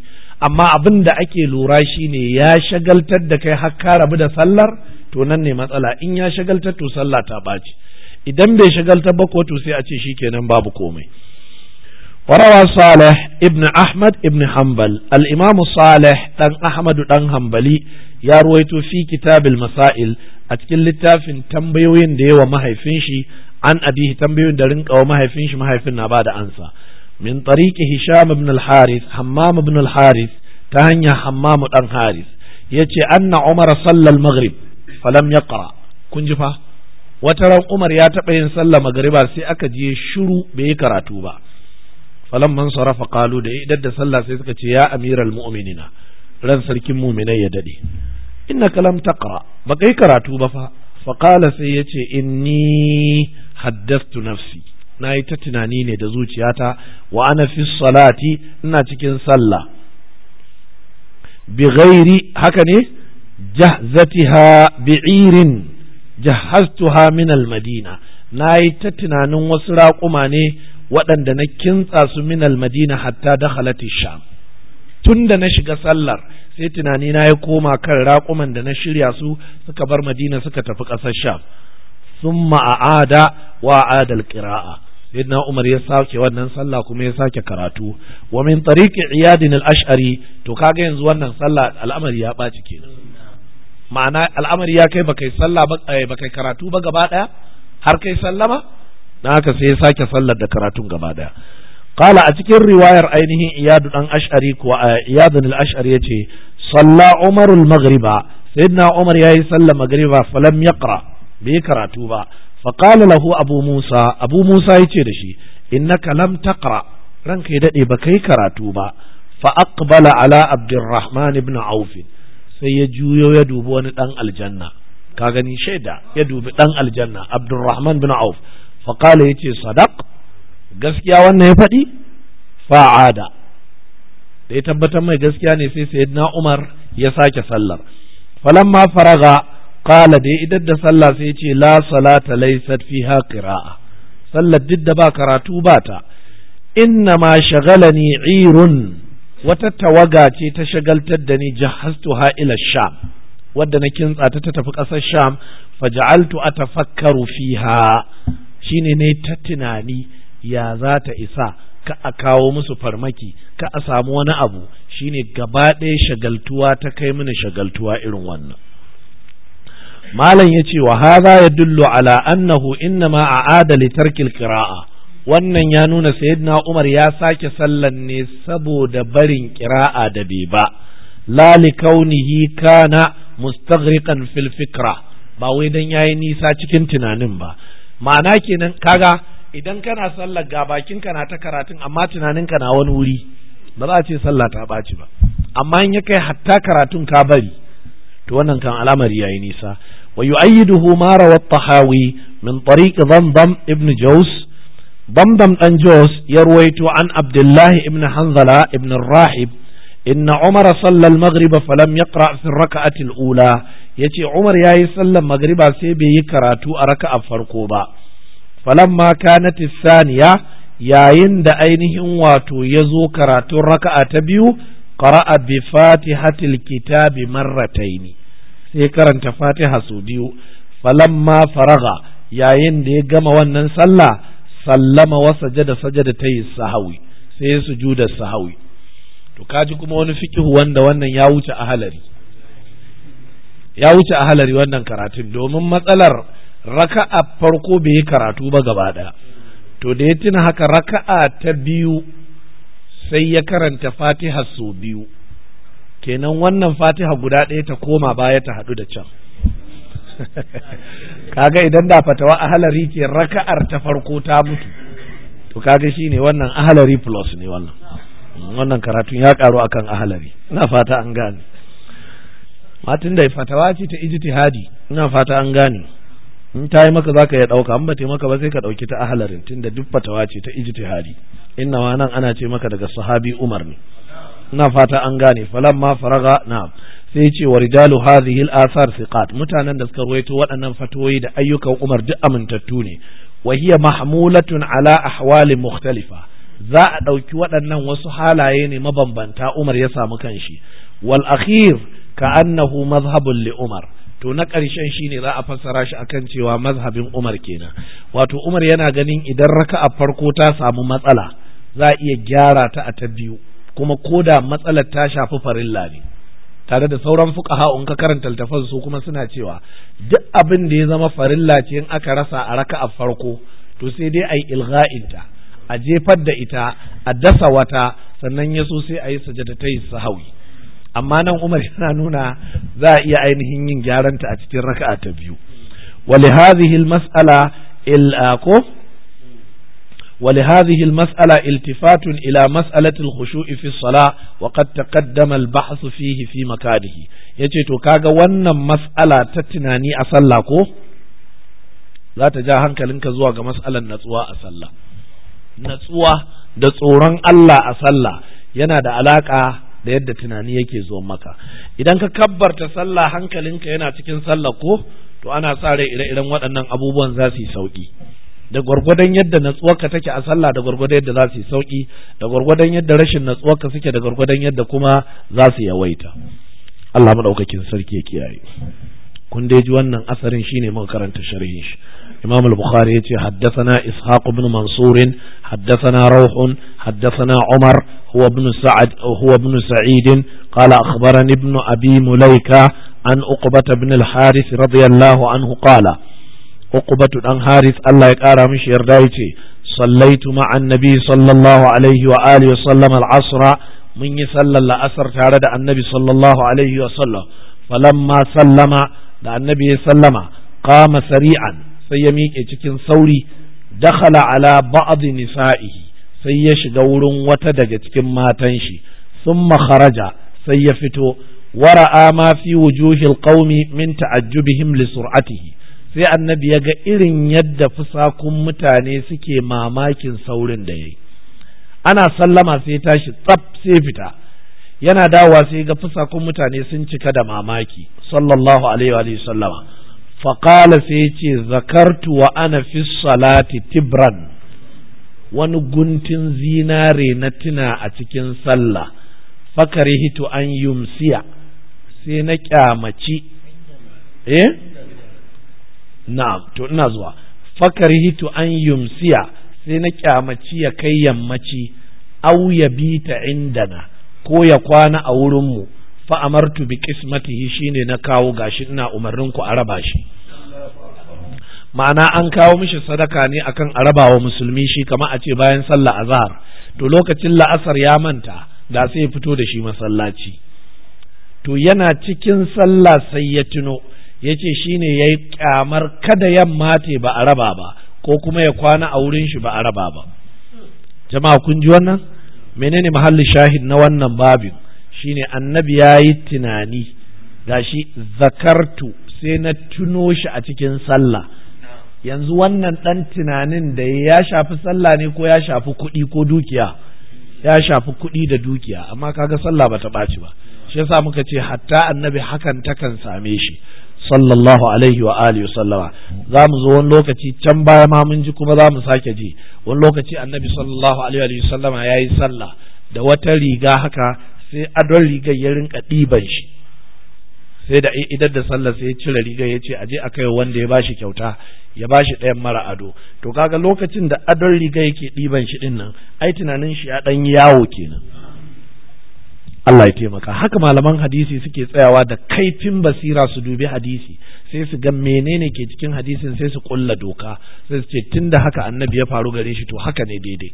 [SPEAKER 1] amma abin da ake lura shine ya shagaltar da kai har ka rabu da sallar to nan ne matsala in ya shagaltar to sallah ta ɓaci idan bai shagaltar ba ko to sai a ce shi kenan babu komai warawa salih ibn ahmad ibn Hambal al-imam salih ɗan Ahmadu ɗan Hambali ya ruwaito fi kitabil masail a cikin littafin tambayoyin da yawa mahaifin shi an abihi tambayoyin da rinka wa mahaifin shi mahaifin na ba da ansa min tariqi hisham ibn al-harith hammam ibn al-harith ta hanyar hammam dan harith yace anna umar sallal maghrib falam yaqra kun ji fa wata ran umar ya taɓa yin sallah magariba sai aka je shiru bai yi karatu ba Falam man sarafa qalu da idan da sallah sai suka ce ya amiral mu'minina ran sarkin mu'minai ya dade innaka lam taqra ba kai karatu ba fa fa qala sai yace inni haddathtu nafsi na yi ta tunani ne da zuciyata wa ana fi salati ina cikin sallah bi ghairi haka ne jahzatiha irin jahaztuha min al-madina na yi ta tunanin wasu raƙuma ne waɗanda na kintsa su min al-madina hatta dakhalati sham tun da na shiga sallar sai tunani na ya koma kan raƙuman da na shirya su suka bar madina suka tafi ƙasar sham sun ma'ada wa adal Saidna umar ya sake wannan sallah kuma ya sake karatu wa min tariqi iyadin al-ash'ari to kaga yanzu wannan sallah al'amari ya baci ma'ana al'amari ya kai bakai eh, ba kai karatu ba gaba har kai sallama dan haka sai ya sake sallar da karatun gaba daya qala a cikin riwayar ainihin iyadu dan ash'ari kuwa eh, iyadin al-ash'ari yace salla umar al-maghriba sayyidina umar yayi sallar maghriba falam yaqra bai karatu ba faƙala lahu abu musa abu musa ya ce da shi innaka lam taqra ranka ya daɗe ba kai karatu ba fa aqbala ala abdurrahman ibn auf sai ya juyo ya dubi wani dan aljanna ka gani shaida ya dubi dan aljanna abdurrahman bin auf fa qala yace sadaq gaskiya wannan ya faɗi fa'ada da ya tabbatar mai gaskiya ne sai sayyidina umar ya sake sallar falamma faraga qala da idan da sallah sai ce la salata laysat fiha qira'a sallah duk da ba karatu ba ta inna ma shagalani irun wata tawaga ce ta shagaltar da ni jahastuha ila sham wadda na kintsa ta tafi ƙasar sham faja'altu atafakkaru fiha shine ne ta tunani ya za ta isa ka a kawo musu farmaki ka a samu wani abu shine gaba ɗaya shagaltuwa ta kai mini shagaltuwa irin wannan malam ya ce wa haza ya dullo ala annahu ma a adali tarkil kira'a wannan ya nuna sayyidina Umar ya sake sallan ne saboda barin kira'a da bai ba Lali kaunihi kana mustagrikan fil ba wai dan yayi nisa cikin tunanin ba ma'ana kenan kaga idan kana sallar ga bakinka na ta karatun amma tunaninka na wani wuri ba za a ce sallah ta ɓaci ba amma in ya kai hatta karatun ka bari to wannan kan alamar yayi nisa ويؤيده ما روى الطحاوي من طريق ضمضم ابن جوس ضمضم أن جوس يرويت عن عبد الله ابن حنظلة ابن الراحب إن عمر صلى المغرب فلم يقرأ في الركعة الأولى يتي عمر يا صلى المغرب سيبي يكراتو أركع فرقوبا فلما كانت الثانية yayin da ainihin wato ya zo karatun raka'a ta biyu qara'a bi fatihatil kitabi marrataini sai karanta fatiha sau biyu falamma faraga yayin da ya gama wannan sallah sallama wa sajada sajada ta yi sahawi sai ya sujuda sahawi to kaji kuma wani fikihu wanda wannan ya wuce a halari ya wuce a halari wannan karatun domin matsalar raka'a farko bai yi karatu ba gaba ɗaya to da ya tuna haka raka'a ta biyu sai ya karanta fatiha sau biyu kenan wannan fatiha guda ɗaya ta koma baya ta haɗu da can kaga idan da fatawa ahalari ke raka'ar ta farko ta mutu to kaga shine wannan ahalari plus ne wannan mm, wannan karatun ya karu akan ahalari ina fata an gane matin da fatawa ce ta ijtihadi ina fata an gane in ta yi maka zaka ya dauka an ba ta maka ba sai ka dauki ta ahalarin tunda duk fatawa ce ta ijtihadi inna nan ana ce maka daga sahabi Umar ne ina fata an gane falamma faraga na sai ce wa rijalu hadhihi al-athar thiqat mutanen da suka ruwaito waɗannan fatoyi da ayyukan Umar duk amintattu ne wa hiya mahmulatun ala ahwali mukhtalifa za a ɗauki waɗannan wasu halaye ne mabambanta Umar ya samu kanshi wal akhir ka annahu mazhabun li Umar to na ƙarshen shine za a fassara shi akan cewa mazhabin Umar kenan wato Umar yana ganin idan raka'a farko ta samu matsala za a iya gyara ta a ta biyu kuma koda matsalar ta shafi farilla ne tare da sauran fuqaha in ka karanta littafin su kuma suna cewa duk abin da ya zama farilla ce in aka rasa a raka'a farko to sai dai ayi ilgha'inta a jefar da ita a dasa wata sannan ya so sai ayi yi sahawi amma nan Umar yana nuna za a iya ainihin yin gyaranta a cikin raka'a ta biyu wa li hadhihi al-mas'ala il ko ولهذه المسألة التفات إلى مسألة الخشوع في الصلاة وقد تقدم البحث فيه في مكانه yace to kaga wannan mas'ala ta tunani a sallah ko za ta ja hankalinka zuwa ga mas'alar natsuwa a sallah natsuwa da tsoron Allah a sallah yana da alaƙa da yadda tunani yake zo maka idan ka kabbarta sallah hankalinka yana cikin sallah ko to ana sa rai ire-iren waɗannan abubuwan za su yi sauƙi. da gwargwadon yadda natsuwarka take a sallah da gwargwadon yadda za su yi sauki da gwargwadon yadda rashin natsuwarka suke da gwargwadon yadda kuma za su yawaita Allah maɗaukakin sarki ya kiyaye kun dai ji wannan asarin shine muka karanta sharhin shi Imam al-Bukhari yace haddathana Ishaq ibn Mansur haddathana Rawh haddathana Umar huwa ibn Sa'ad huwa ibn Sa'id qala akhbarani ibn Abi Mulaika an Uqbah ibn al-Harith radiyallahu anhu qala uqbatu dan haris Allah ya kara mishi yarda yace sallaitu ma Annabi sallallahu alaihi wa alihi wa sallam al-asra mun yi sallar la'asar tare da annabi sallallahu alaihi wa sallam falamma sallama da annabi ya sallama qama sari'an sai ya miƙe cikin sauri dakhala ala ba'd nisa'ihi sai ya shiga wurin wata daga cikin matan shi thumma kharaja sai ya fito wara'a ma fi wujuhil qaumi min ta'ajjubihim li sur'atihi sai annabi ya ga irin yadda fusakun mutane suke mamakin saurin da ya yi ana sallama sai tashi tsaf sai fita yana dawowa sai ga fusakun mutane sun cika da mamaki sallallahu alaihi wa sallama faƙala sai ya ce zakartu wa ana fi salati tibran wani guntun zinare na tuna a cikin sallah fakari hito an yumsiya sai na kyamaci eh na'am to ina zuwa fakarihitu an yumsiya sai na kyamaci ya kai yammaci au ya ta indana ko ya kwana a wurinmu fa amartu bi qismatihi shine na kawo gashi ina umarnin ku a raba shi ma'ana an kawo mishi sadaka ne akan a raba musulmi shi kama a ce bayan sallah a zahar to lokacin la'asar ya manta da sai ya fito da shi masallaci to yana cikin sallah sai ya tuno ya ce shi ne ya yi ƙyamar kada yamma te ba a raba ba ko kuma ya kwana a wurin shi ba a raba ba jama'a kun ji wannan menene mahallin shahid na wannan babin Shi ne annabi ya yi tunani shi zakartu sai na tuno shi a cikin sallah yanzu wannan ɗan tunanin da ya shafi sallah ne ko ya shafi kuɗi ko dukiya ya shafi kuɗi da dukiya amma kaga sallah bata ɓaci ba shi yasa muka ce hatta annabi hakan takan same shi sallallahu alaihi wa alihi sallama za mu zo wani lokaci can baya ma mun ji kuma za mu sake ji wani lokaci annabi sallallahu alaihi wa sallama ya yi sallah da wata riga haka sai adon rigar ya rinka ɗiban shi sai da idan da sallah sai ya cire rigar ya ce aje a kai wanda ya bashi kyauta ya bashi ɗayan mara ado to kaga lokacin da adon rigar yake ɗiban shi ɗin nan ai tunanin shi ya ɗan yawo kenan
[SPEAKER 2] Allah ya taimaka
[SPEAKER 1] haka malaman hadisi suke tsayawa da kaifin basira su dubi hadisi sai su ga menene ke cikin hadisin sai su kulla doka sai su ce tunda haka annabi ya faru gare shi to haka ne daidai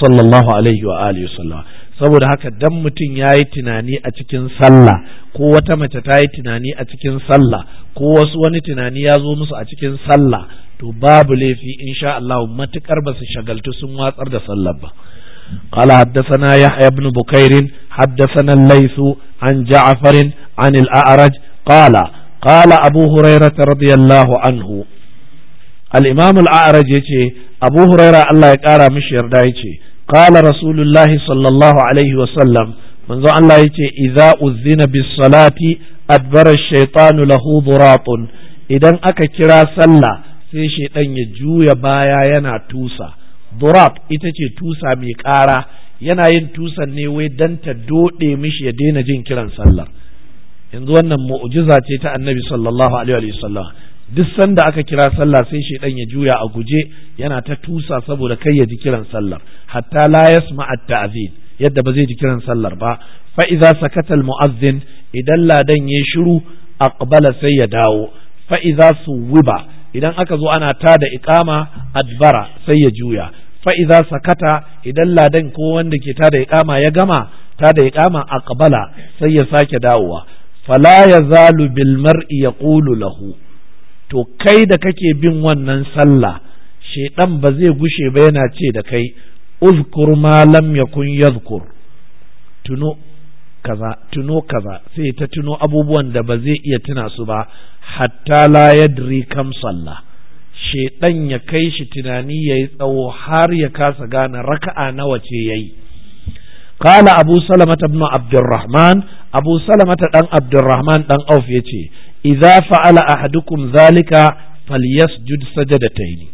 [SPEAKER 1] sallallahu alaihi wa alihi sallam saboda haka dan mutum yayi tunani a cikin sallah ko wata mace ta yi tunani a cikin sallah ko wasu wani tunani ya zo musu a cikin sallah to babu laifi insha Allah matukar ba su shagaltu sun watsar da sallah ba قال حدثنا Yahya بن Bukairin. حدثنا الليث عن جعفر عن الأعرج قال قال أبو هريرة رضي الله عنه الإمام الأعرج يتي أبو هريرة الله يقارى مش يردايتي قال رسول الله صلى الله عليه وسلم منذ الله يتي إذا أذن بالصلاة أدبر الشيطان له ضراط إذا أكا كرا سلا sai shaidan ya juya baya yana tusa durab ita ce tusa mai ƙara yana yin tusan ne wai dan ta doɗe mishi ya daina jin kiran sallah yanzu wannan mu'jiza ce ta annabi sallallahu alaihi wa sallam duk sanda aka kira sallah sai shaidan ya juya a guje yana ta tusa saboda kai ya ji kiran sallar hatta la yasma at-ta'zin yadda ba zai ji kiran sallar ba fa idza sakata al-mu'azzin idan ladan ya shiru aqbala sai ya dawo fa idza suwiba idan aka zo ana ta da iqama adbara sai ya juya fa idza sakata idan ladan ko wanda ke ta da iqama ya gama ta da iqama aqbala sai ya sake dawowa fala yazalu bil mar'i yaqulu lahu to kai da kake bin wannan sallah shedan ba zai gushe ba yana ce da kai uzkur ma lam yakun yadhkur tuno kaza tuno kaza sai ta tuno abubuwan da ba zai iya tuna su ba hatta la yadri kam sallah shedan ya kai shi tunani yayi tsawo har ya kasa gane raka'a nawa ce yayi qala abu salamata ibn abdurrahman abu salamata dan abdurrahman dan auf yace idza fa'ala ahadukum zalika falyasjud sajadataini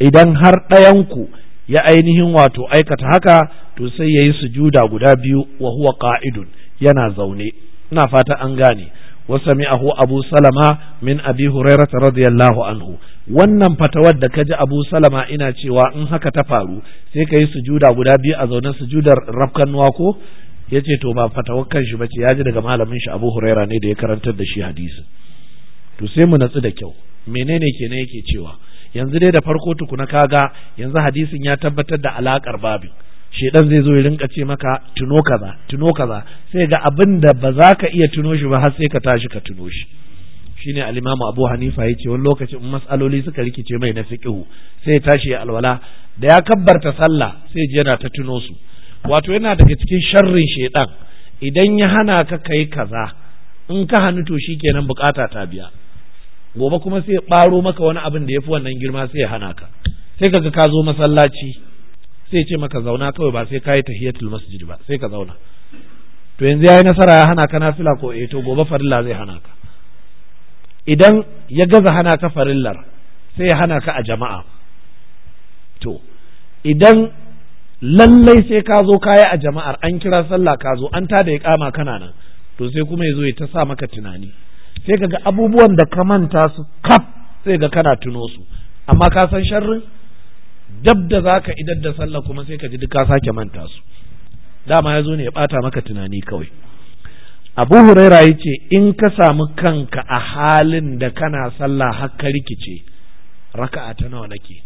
[SPEAKER 1] idan har ɗayanku ya ainihin wato aikata haka to sai yayi sujuda guda biyu wa huwa qa'idun yana zaune ina fata an gane wa sami'ahu abu salama min abi hurairah radiyallahu anhu wannan fatawar da kaji abu salama ina cewa in haka ta faru sai ka yi sujuda guda biyu a zaune sujudar rafkanuwa ko yace to ba fatawar kanshi ce ya ji daga malamin shi abu huraira ne da ya karantar da shi hadisi to sai mu natsu da kyau menene kenan yake cewa yanzu dai da farko tukuna kaga yanzu hadisin ya tabbatar da alakar babin shedan zai zo ya rinka ce maka tuno kaza tuno kaza sai ga abin da ba za ka iya tuno shi ba har sai ka tashi ka tuno shi shine al-imamu Abu Hanifa yace wani lokaci in mas'aloli suka rikice mai na fiqhu sai ya tashi ya alwala da ya kabbarta sallah sai ji yana ta tuno su wato yana daga cikin sharrin shedan idan ya hana ka kai kaza in ka hannu to shikenan bukata ta biya gobe kuma sai ya baro maka wani abin da yafi wannan girma sai ya hana ka sai kaga ka zo masallaci sai ce maka zauna kawai ba sai ka yi tahiyatul masjid ba sai ka zauna to yanzu yi nasara ya hana ka nafila ko eh to gobe farilla zai hana ka idan ya gaza hana ka farillar sai ya hana ka a jama'a to idan lallai sai ka zo yi a jama'ar an kira sallah ka zo an tada ya kama kana nan to sai kuma ya zo ya ta sa maka tunani sai kaga abubuwan da ka manta su kaf sai ga kana tuno su amma ka san sharrin dab da ka idar da sallah kuma sai ka ji duka sake manta su dama ya zo ne ya ɓata maka tunani kawai abu huraira ya ce in ka samu kanka a halin da kana sallah har ka rikice raka'a ta nawa nake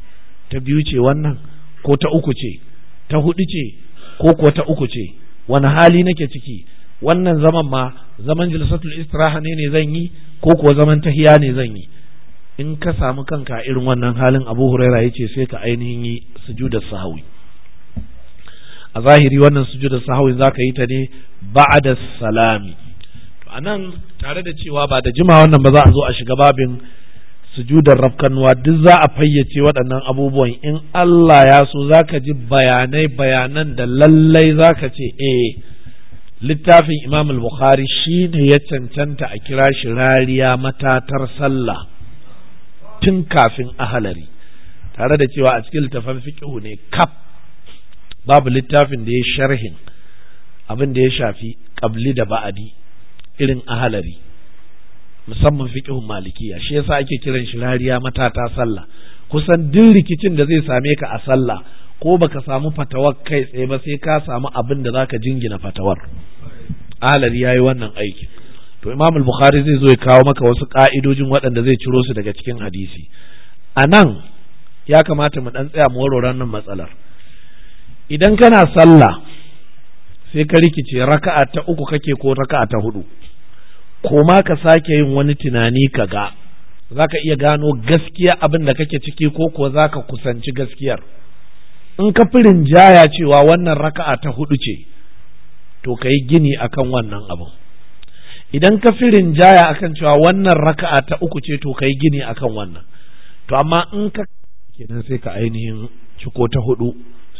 [SPEAKER 1] ta biyu ce wannan ko ta uku ce ta hudu ce ko ko ta uku ce wani hali nake ciki wannan zaman ma zaman jilsatul istiraha ne ne zan yi ko kuwa zaman tahiya ne zan yi in ka samu kanka irin wannan halin abu huraira ya ce sai ka ainihin yi sujudar sahawi a zahiri wannan sujudar sahawi za ka yi ta ne ba'a da salami a nan tare da cewa ba da jima wannan ba za a zo a shiga babin sujudar rafkanuwa duk za a fayyace waɗannan abubuwan in Allah ya so za ka ji bayanai bayanan da lallai za ka ce eh littafin imam al-bukhari ne ya cancanta a kira shi rariya matatar sallah tun kafin ahalari tare da cewa a cikin littafin fiqhu ne kaf babu littafin da ya sharhin abin da ya shafi qabli da ba'adi irin halari. musamman fiƙihun malikiya shi yasa ake kiran shi rariya matata sallah kusan duk rikicin da zai same ka a sallah ko baka samu fatawar kai tsaye ba sai ka samu abin da zaka jingina fatawar ahalari yayi wannan aikin to imam al-bukhari zai zo ya kawo maka wasu ka'idojin waɗanda zai ciro su daga cikin hadisi a nan ya kamata mu ɗan tsaya mu warware nan matsalar idan kana sallah sai ka rikice raka'a ta uku kake ko raka'a ta hudu ko ma ka sake yin wani tunani ka ga za ka iya gano gaskiya abin da kake ciki ko kuwa za ka kusanci gaskiyar in ka firin rinjaya cewa wannan raka'a ta hudu ce to ka yi gini akan wannan abin idan ka fi rinjaya akan cewa wannan raka'a ta uku ce to kai gini akan wannan to amma in ka kenan sai ka ainihin ciko ta hudu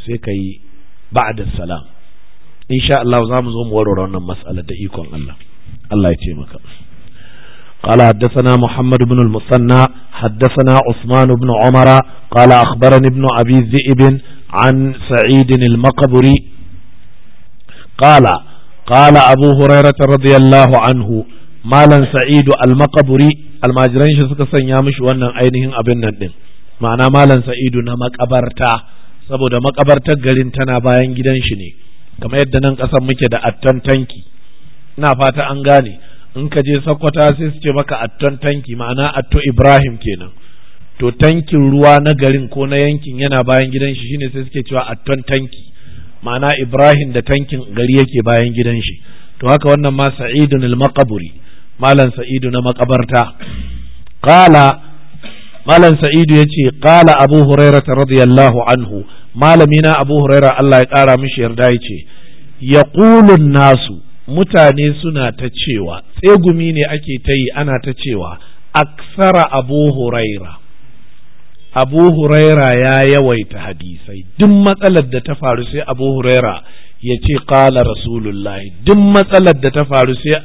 [SPEAKER 1] sai ka yi ba'da salam insha Allah za mu zo mu warware wannan mas'ala da ikon Allah Allah ya taimaka قال حدثنا محمد بن المثنى حدثنا عثمان بن عمر قال أخبرني ابن أبي ذئب عن سعيد المقبري قال Qala abu hurairata radiyallahu anhu malam Sa'idu almakaburi almajiranshi suka sanya mishi wannan ainihin abin nan din ma'ana malam Sa'idu na makabarta saboda makabartar garin tana bayan gidanshi ne kamar yadda nan kasan muke da attan tanki. Ina fata an gane in ka je Sakkwata sai suke maka attan tanki ma'ana atto Ibrahim kenan to tankin ruwa na garin ko na yankin yana bayan gidan shi shine sai suke cewa attan tanki. ma'ana ibrahim da tankin gari yake bayan gidan shi to haka wannan ma sa'idun al-maqburi malam sa'idu na makabarta qala malam sa'idu yace qala abu hurairah radiyallahu anhu malami na abu Huraira Allah ya kara mishi yarda yace yaqulu nasu mutane suna ta cewa tsegumi ne ake ta yi ana ta cewa aksara abu huraira abu huraira ya yawaita hadisai duk matsalar da ta faru sai abu huraira ya ce ƙala rasulullahi duk matsalar da ta faru sai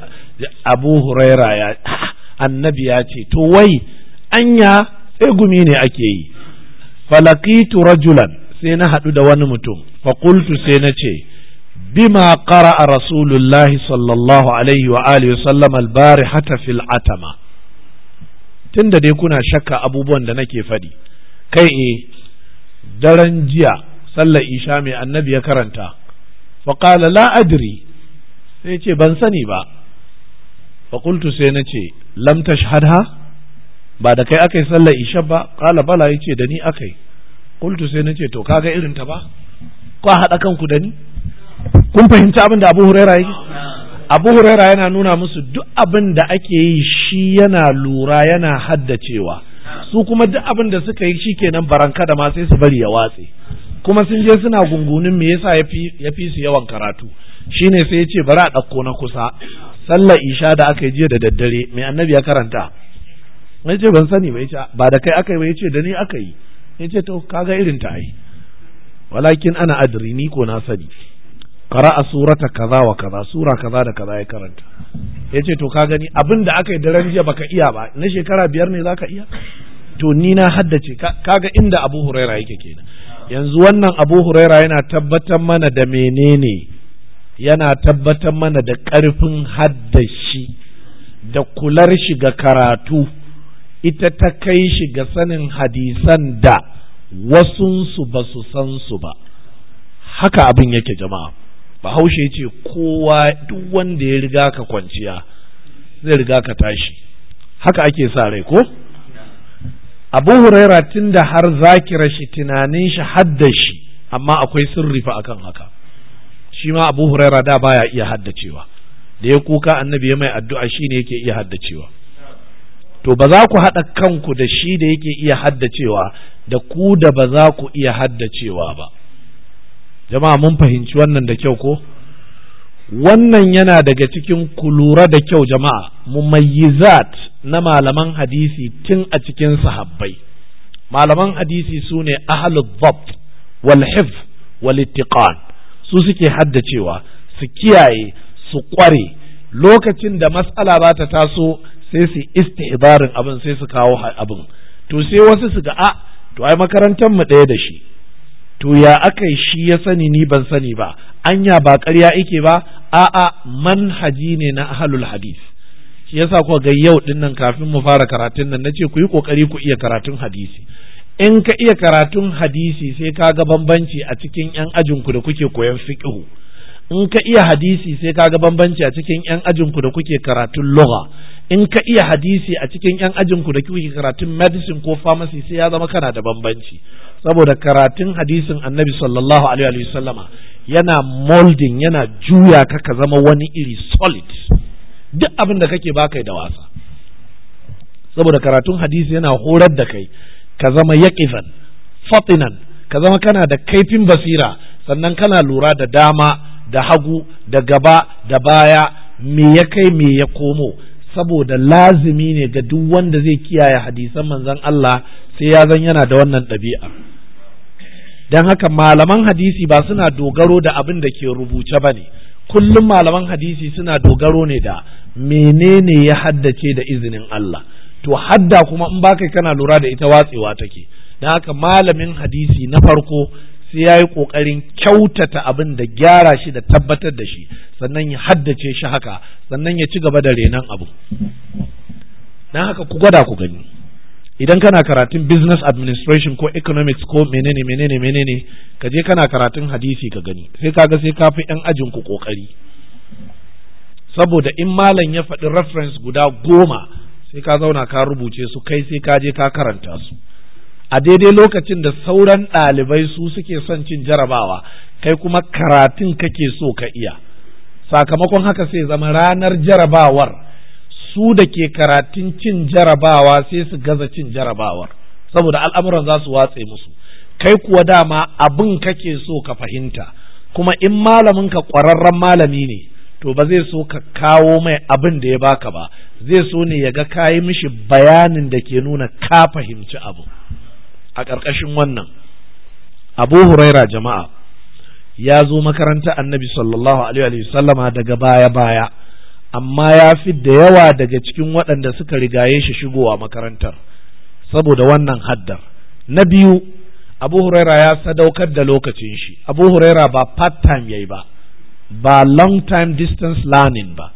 [SPEAKER 1] abu huraira ya ah, annabi ya ce to wai anya sai gumi ne ake yi falakitu rajulan sai na haɗu da wani mutum faƙultu sai na ce bima a rasulullahi sallallahu alaihi wa alihi sallam albari hata fil atama tunda dai kuna shakka abubuwan da nake faɗi kai e daren jiya sallar isha mai annabi ya karanta faƙala la adri sai ce ban sani ba faƙultu sai na ce lamtash tashhadha ba da kai aka yi sallar isha ba ƙala bala ya ce da ni aka yi kultu sai na ce to kaga irin ta ba ko haɗa kanku da ni kun fahimci abin da abu huraira yake abu huraira yana nuna musu duk abin da ake yi shi yana lura yana haddacewa su kuma duk abin da suka yi shi shikenan baranka da ma sai su bari ya watse kuma sun je suna gungunin me yasa ya fi su yawan karatu shine sai ya ce bari a ɗauko na kusa sallar isha da aka yi jiya da daddare mai annabi ya karanta ya ce ban sani bai ce ba da kai aka yi ya ce da ni aka yi ya ce to kaga irin ta ai walakin ana adri ni ko na sani qara'a surata kaza wa kaza sura kaza da kaza ya karanta yace to ka gani abin da aka yi daren jiya baka iya ba na shekara biyar ne zaka iya to ni na haddace kaga inda Abu Huraira yake kenan yanzu wannan Abu Huraira yana tabbatar mana da menene yana tabbatar mana da ƙarfin haddashi da kular shi ga karatu ita ta kai shi ga sanin hadisan da wasunsu ba su san su ba haka abin yake jama'a bahaushe ce kowa duk wanda ya riga ka kwanciya zai riga ka tashi haka ake sa rai ko abu huraira tun da har zakira shi tunanin shi hadda shi amma akwai sirri akan haka shi ma abu huraira da baya iya haddacewa da ya kuka annabi ya mai addu'a shi ne yake iya haddacewa to ba za ku haɗa kanku da shi da yake iya haddacewa da ku da ba za ku iya haddacewa ba jama'a mun fahimci wannan da kyau ko wannan yana daga cikin kulura da kyau jama'a mumayyizat na malaman hadisi tun a cikin sahabbai malaman hadisi su ne ahlul-dhabt wal-hifz wal-ittiqan su suke haddacewa su kiyaye su kware lokacin da matsala za ta taso sai su istihbarin abin sai su kawo abin to sai wasu su ga a to ai makarantar mu ɗaya da shi to ya aka shi ya sani ni ban sani ba anya ba ƙarya yake ba a'a manhaji ne na ahlul hadis shi yasa kuka ga yau din kafin mu fara karatun nan nace ku yi kokari ku iya karatun hadisi in ka iya karatun hadisi sai ka ga bambanci a cikin yan ku da kuke koyan fiqhu in ka iya hadisi sai ka ga bambanci a cikin yan ku da kuke karatun lugha in ka iya hadisi a cikin yan ku da kuke karatun medicine ko pharmacy sai ya zama kana da bambanci saboda karatun hadisin annabi sallallahu alaihi wa sallama yana molding yana juya ka ka zama wani iri solid duk abin da kake ba da wasa saboda karatun hadisi yana horar da kai ka zama yaqifan fatinan ka zama kana da kaifin basira sannan kana lura da dama da hagu da gaba da baya me ya kai me ya komo saboda lazimi ne ga duk wanda zai kiyaye hadisan manzon Allah sai ya zan yana da wannan ɗabi'a don haka malaman hadisi ba suna dogaro da abin da ke rubuce ba ne kullum malaman hadisi suna dogaro ne da menene ya haddace da izinin Allah to hadda kuma in baka kana lura da ita watsewa take don haka malamin hadisi na farko sai ya yi ƙoƙarin kyautata abin da gyara shi da tabbatar da shi sannan ya haddace shi haka sannan ya ci gaba da renon abu don haka ku gwada ku gani idan kana karatun business administration ko economics ko menene menene menene ka je kana karatun hadisi ka gani sai kaga sai ka fi yan ajin ku kokari saboda in malam ya faɗi reference guda goma sai ka zauna ka rubuce su kai sai ka je ka karanta su a daidai lokacin da sauran ɗalibai su suke son cin jarabawa kai kuma karatun kake so ka iya sakamakon haka sai zama ranar jarabawar su da ke karatun cin jarabawa sai su gaza cin jarabawar saboda al'amuran za su watse musu kai kuwa dama abin kake so ka fahimta kuma in malamin ka ƙwararren malami ne to ba zai so ka kawo mai abin da ya baka ba zai so ne ya ga kayi mishi bayanin da ke nuna ka fahimci abu a ƙarƙashin wannan abu huraira jama'a ya zo makaranta annabi sallallahu alaihi sallama daga baya baya amma ya fi da yawa daga cikin waɗanda suka rigaye shi shigowa makarantar saboda wannan haddar na biyu abu huraira ya sadaukar da lokacin shi abu huraira ba part time yayi ba ba long time distance learning ba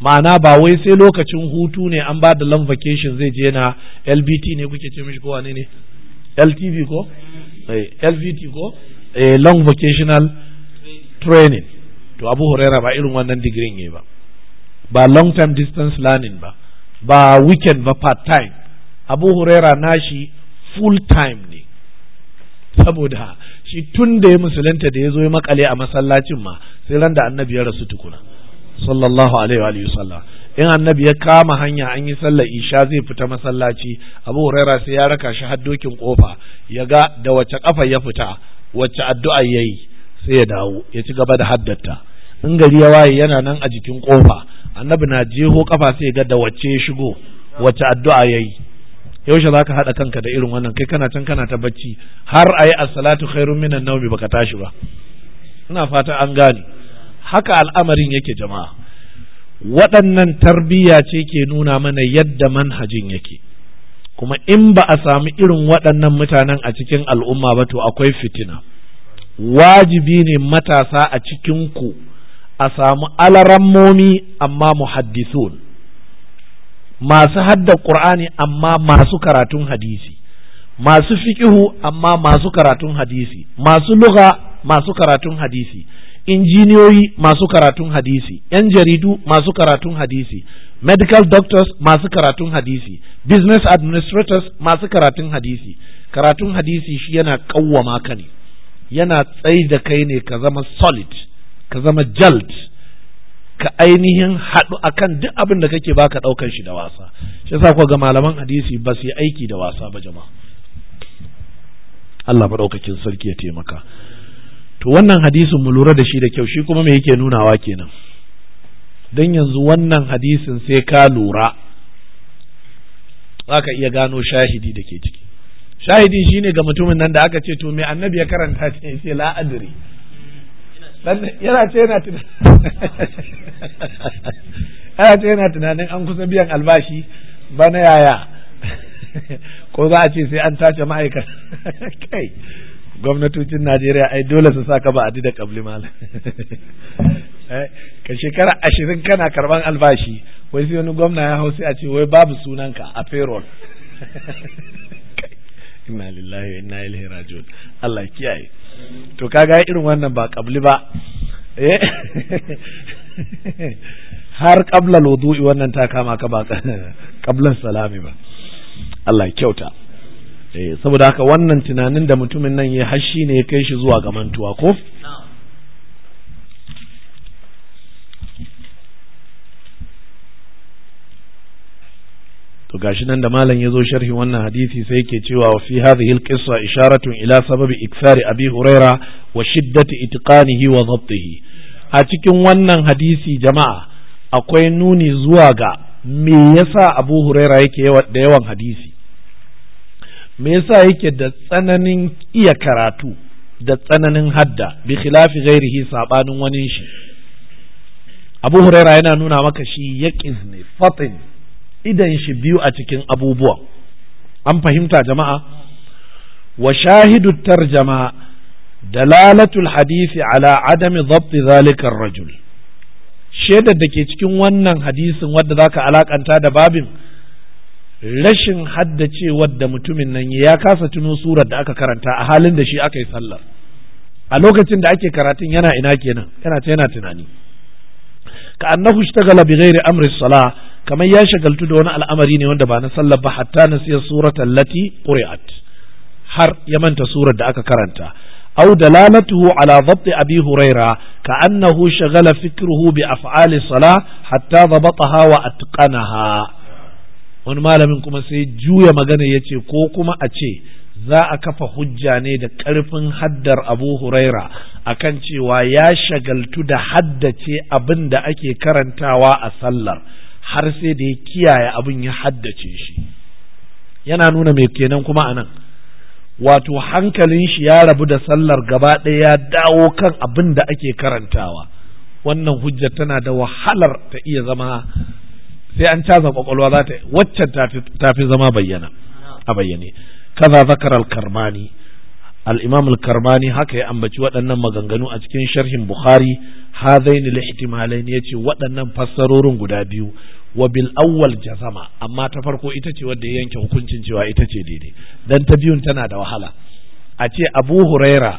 [SPEAKER 1] ma'ana ba wai sai lokacin hutu ne an ba da long vacation zai je na lbt ne kuke ce mishi ko ne ltv ko eh, lvt ko eh, long vocational training to abu huraira ba irin wannan digirin ne ba ba long term distance learning ba ba weekend ba part time abu huraira nashi full time ne saboda shi tun da ya musulunta da ya zo ya makale a masallacin ma sai ran da annabi ya rasu tukuna sallallahu alaihi wa sallam in annabi ya kama hanya an yi sallar isha zai fita masallaci abu huraira sai ya raka shi haddokin kofa ya ga da wace kafa ya fita wacce addu'a yayi sai ya dawo ya ci gaba da haddatta in gari ya waye yana nan a jikin kofa annabi na jeho kafa sai ga da wacce ya shigo wacce addu'a yayi yaushe zaka hada kanka da irin wannan kai kana can kana ta bacci har ayi as-salatu khairun minan nawmi baka tashi ba ina fata an gane haka al'amarin yake jama'a waɗannan tarbiyya ce ke nuna mana yadda manhajin yake kuma in ba a samu irin waɗannan mutanen a cikin al'umma ba to akwai fitina wajibi ne matasa a cikin ku. a samu alarammomi amma muhaddisun masu hadda qur'ani amma masu karatun hadisi masu fiqihu amma masu karatun hadisi masu lugha masu karatun hadisi injiniyoyi masu karatun hadisi yan jaridu masu karatun hadisi medical doctors masu karatun hadisi business administrators masu karatun hadisi karatun hadisi shi yana kawwama ka ne yana tsai da kai ne ka zama solid ka zama jalt ka ainihin haɗu akan duk abin da kake baka ɗaukar shi da wasa shi sa ko ga malaman hadisi ba su yi aiki da wasa ba jama'a Allah maɗaukakin sarki ya taimaka to wannan hadisin mu lura da shi da kyau shi kuma me yake nunawa kenan don yanzu wannan hadisin sai ka lura za ka iya gano shahidi da ke ciki shahidi shine ga mutumin nan da aka ce to me annabi ya karanta ce sai la'adiri yana ce yana tunanin yana ce yana tunanin an kusa biyan albashi bana yaya ko za a ce sai an tace ma'aikar kai gwamnatocin najeriya ai dole su saka ba da kabli malam eh, ka shekara ashirin kana karban albashi wai sai wani gwamna ya hau sai a ce wai babu sunanka a payroll inna lillahi wa inna ilaihi raji'un Allah kiyaye to kaga irin wannan ba kabli ba eh? har kabla wudu'i wannan ta kama ka ba kablan salami ba Allah kyauta eh, saboda haka wannan tunanin da mutumin nan ya hashi ne ya kai shi zuwa ga mantuwa ko to gashi nan da malam yazo sharhi wannan hadisi sai yake cewa wa fi hadhihi alqissa isharatun ila sababi iksari abi huraira wa shiddati itqanihi wa dhabtihi a cikin wannan hadisi jama'a akwai nuni zuwa ga me yasa abu huraira yake da yawan hadisi me yasa yake da tsananin iya karatu da tsananin hadda bi khilafi ghairihi sabanin wani shi abu huraira yana nuna maka shi yaqin ne fatin idan shi biyu a cikin abubuwan an fahimta jama'a wa shahidu tarjama dalalatul hadisi ala adami dhabti zalikar rajul shaidar da ke cikin wannan hadisin wadda zaka alakanta da babin rashin haddacewar da mutumin nan ya kasa tuno surar da aka karanta a halin da shi aka yi sallar a lokacin da ake karatun yana ina kenan yana ta yana tunani ka annahu ishtagala bi ghairi amri salah kamar ya shagaltu da wani al'amari ne wanda ba na sallar ba hatta na siya surat allati quri'at har ya manta surar da aka karanta aw dalalatuhu ala dhabt abi huraira ka annahu shagala fikruhu bi af'ali salah hatta dhabataha wa atqanaha wani malamin kuma sai juya magana yace ko kuma a ce za a kafa hujja ne da ƙarfin haddar abu huraira akan cewa ya shagaltu da haddace abin da ake karantawa a sallar har sai da ya kiyaye abin ya haddace shi yana nuna mai kenan kuma anan wato hankalin shi ya rabu da sallar gaba ɗaya ya dawo kan abin da ake karantawa wannan hujjar tana da wahalar ta iya zama sai an caza kwakwalwa za ta waccan fi zama bayyana a bayyane kaza zakar karmani al-imam al-karmani haka ya ambaci waɗannan maganganu a cikin sharhin bukhari hadain al ya yace waɗannan fassarorin guda biyu wa bil awwal jazama amma ta farko ita ce wadda ya yanke hukuncin cewa ita ce daidai dan ta biyun tana da wahala a ce abu huraira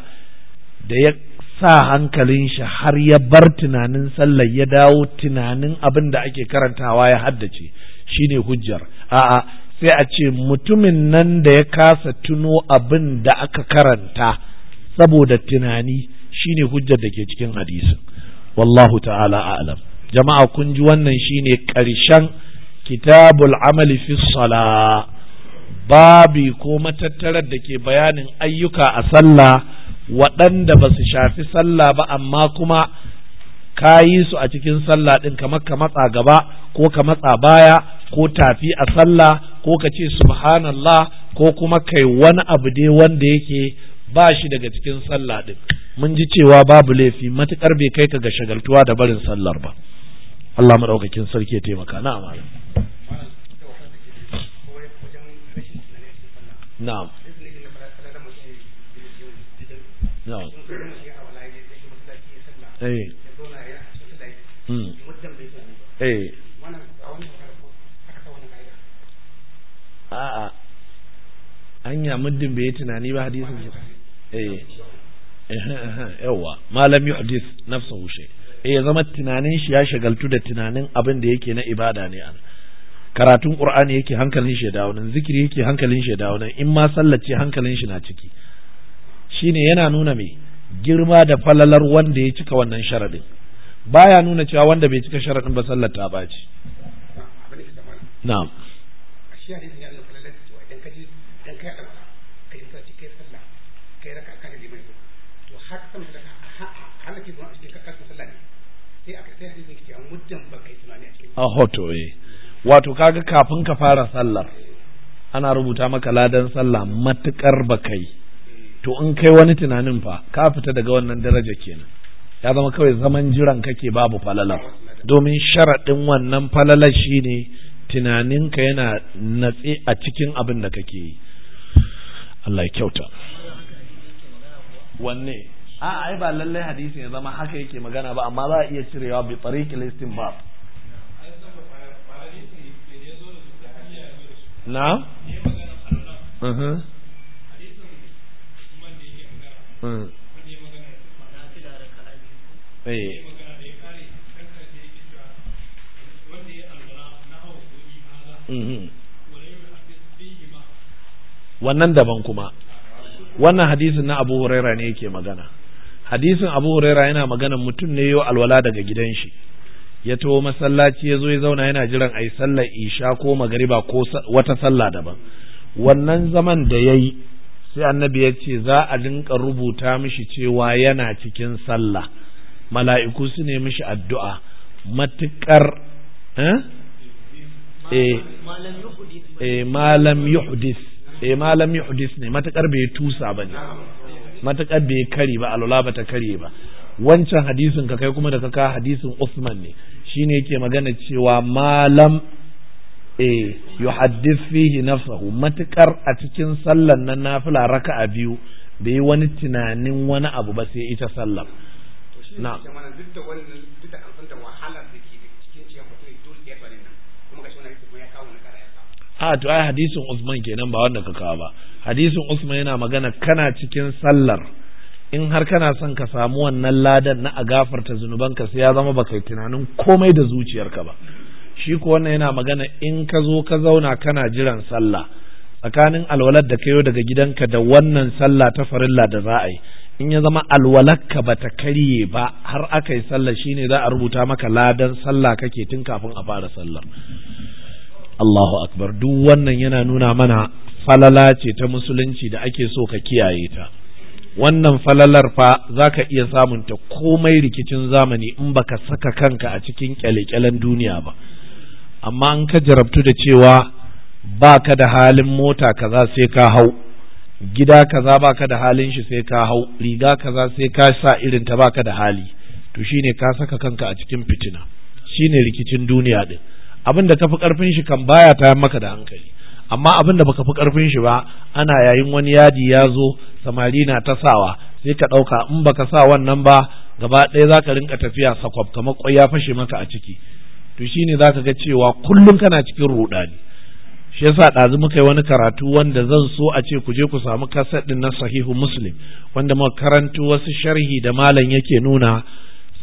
[SPEAKER 1] da ya sa hankalin shi har ya bar tunanin sallar ya dawo tunanin abin da ake karantawa ya haddace shine hujjar a'a sai a ce mutumin nan da ya kasa tuno abin da aka karanta saboda tunani shine hujjar da ke cikin hadisin wallahu ta'ala a'lam jama'a kun ji wannan shine ƙarshen kitabul amali fi Babu babi ko matattarar da ke bayanin ayyuka a sallah waɗanda ba su shafi sallah ba amma kuma ka yi su a cikin sallah ɗin kamar ka matsa gaba ko ka matsa baya ko tafi a sallah ko ka ce subhanallah ko kuma kai wani abu dai wanda yake ba shi daga cikin sallah din mun ji cewa babu laifi matukar bai kai ka ga shagaltuwa da barin sallar ba Allah madaukakin sarki ya taimaka na amana na'am na'am eh, hmm. eh. a'a anya muddin bai yi tunani ba hadisin shi eh yawa malam yuhdis nafsuhu shi eh ya zama tunanin shi ya shagaltu da tunanin abin da yake na ibada ne an karatun qur'ani yake hankalin shi dawo nan zikiri yake hankalin shi dawo nan in ma sallace hankalin shi na ciki shine yana nuna me girma da falalar wanda ya cika wannan sharadin baya nuna cewa wanda bai cika sharadin ba sallar ta baci na'am ka ji a cikin hoto eh wato kaga kafin ka fara sallah ana rubuta maka ladan sallah matukar ba kai to in kai wani tunanin fa ka fita daga wannan daraja kenan ya zama kawai zaman jiran kake babu falala domin sharaɗin wannan falalar shine tunaninka yana natse a cikin abin da kake yi Allah ya kyauta wanne a ai ba lallai hadisin ya zama haka yake magana ba amma za a iya cirewa bi tariq al-istinbat na uh-huh. hmm. eh. Mhm. wannan daban kuma wannan hadisin na abu huraira ne yake magana hadisin abu huraira yana magana mutum ne yau alwala daga gidan shi ya taho masallaci ya zo ya zauna yana jiran a yi sallar isha ko magariba ko wata sallah daban wannan zaman da ya yi sai annabi ya ce za a dinka rubuta mishi cewa yana cikin sallah mala'iku su ne mishi addu'a matuƙar eh? Eh. eh malam yuhdis eh malam yuhdis ne matakar bai tusa ne, matakar bai kare ba alula ba ta kare ba wancan hadisin ka kai kuma da ka hadisin Usman ne shine yake magana cewa malam eh yuhaddis fihi nafsahu matakar a cikin sallan nan nafila raka'a biyu bai yi wani tunanin wani abu ba sai ita sallar na a to ai hadisin Usman kenan ba wanda ka kawo ba hadisin Usman yana magana kana cikin sallar in har kana son ka samu wannan ladan na a gafarta zunubanka sai ya zama baka yi tunanin komai da zuciyarka ba shi ko wannan yana magana in ka zo ka zauna kana jiran sallah tsakanin alwalar da kayo daga gidanka da wannan sallah ta farilla da za a yi in ya zama alwalarka ba ta karye ba har aka yi sallah shine za a rubuta maka ladan sallah kake tun kafin a fara sallar Allahu akbar duk wannan yana nuna mana falala ce ta musulunci da ake so ka kiyaye ta wannan falalar fa za ka iya samunta komai rikicin zamani in baka saka kanka a cikin kyale-kyalen duniya ba amma an ka jarabtu da cewa ba ka da halin mota kaza sai ka hau gida kaza ba ka da halin shi sai ka hau riga kaza sai ka sa irin ta ba ka da hali to shine ka saka kanka a cikin fitina shine rikicin duniya din abin da ka fi karfin shi kan baya ta maka da hankali amma abin da baka fi karfin shi ba ana yayin wani yadi ya zo samari na ta sawa sai ka ɗauka in baka sa wannan ba gaba ɗaya za ka rinka tafiya sakwab kamar ƙwai ya fashe maka a ciki to shine za ka ga cewa kullum kana cikin ruɗani shi yasa ɗazu muka yi wani karatu wanda zan so a ce ku je ku samu kasaɗin ɗin na sahihu muslim wanda muka karanto wasu sharhi da malam yake nuna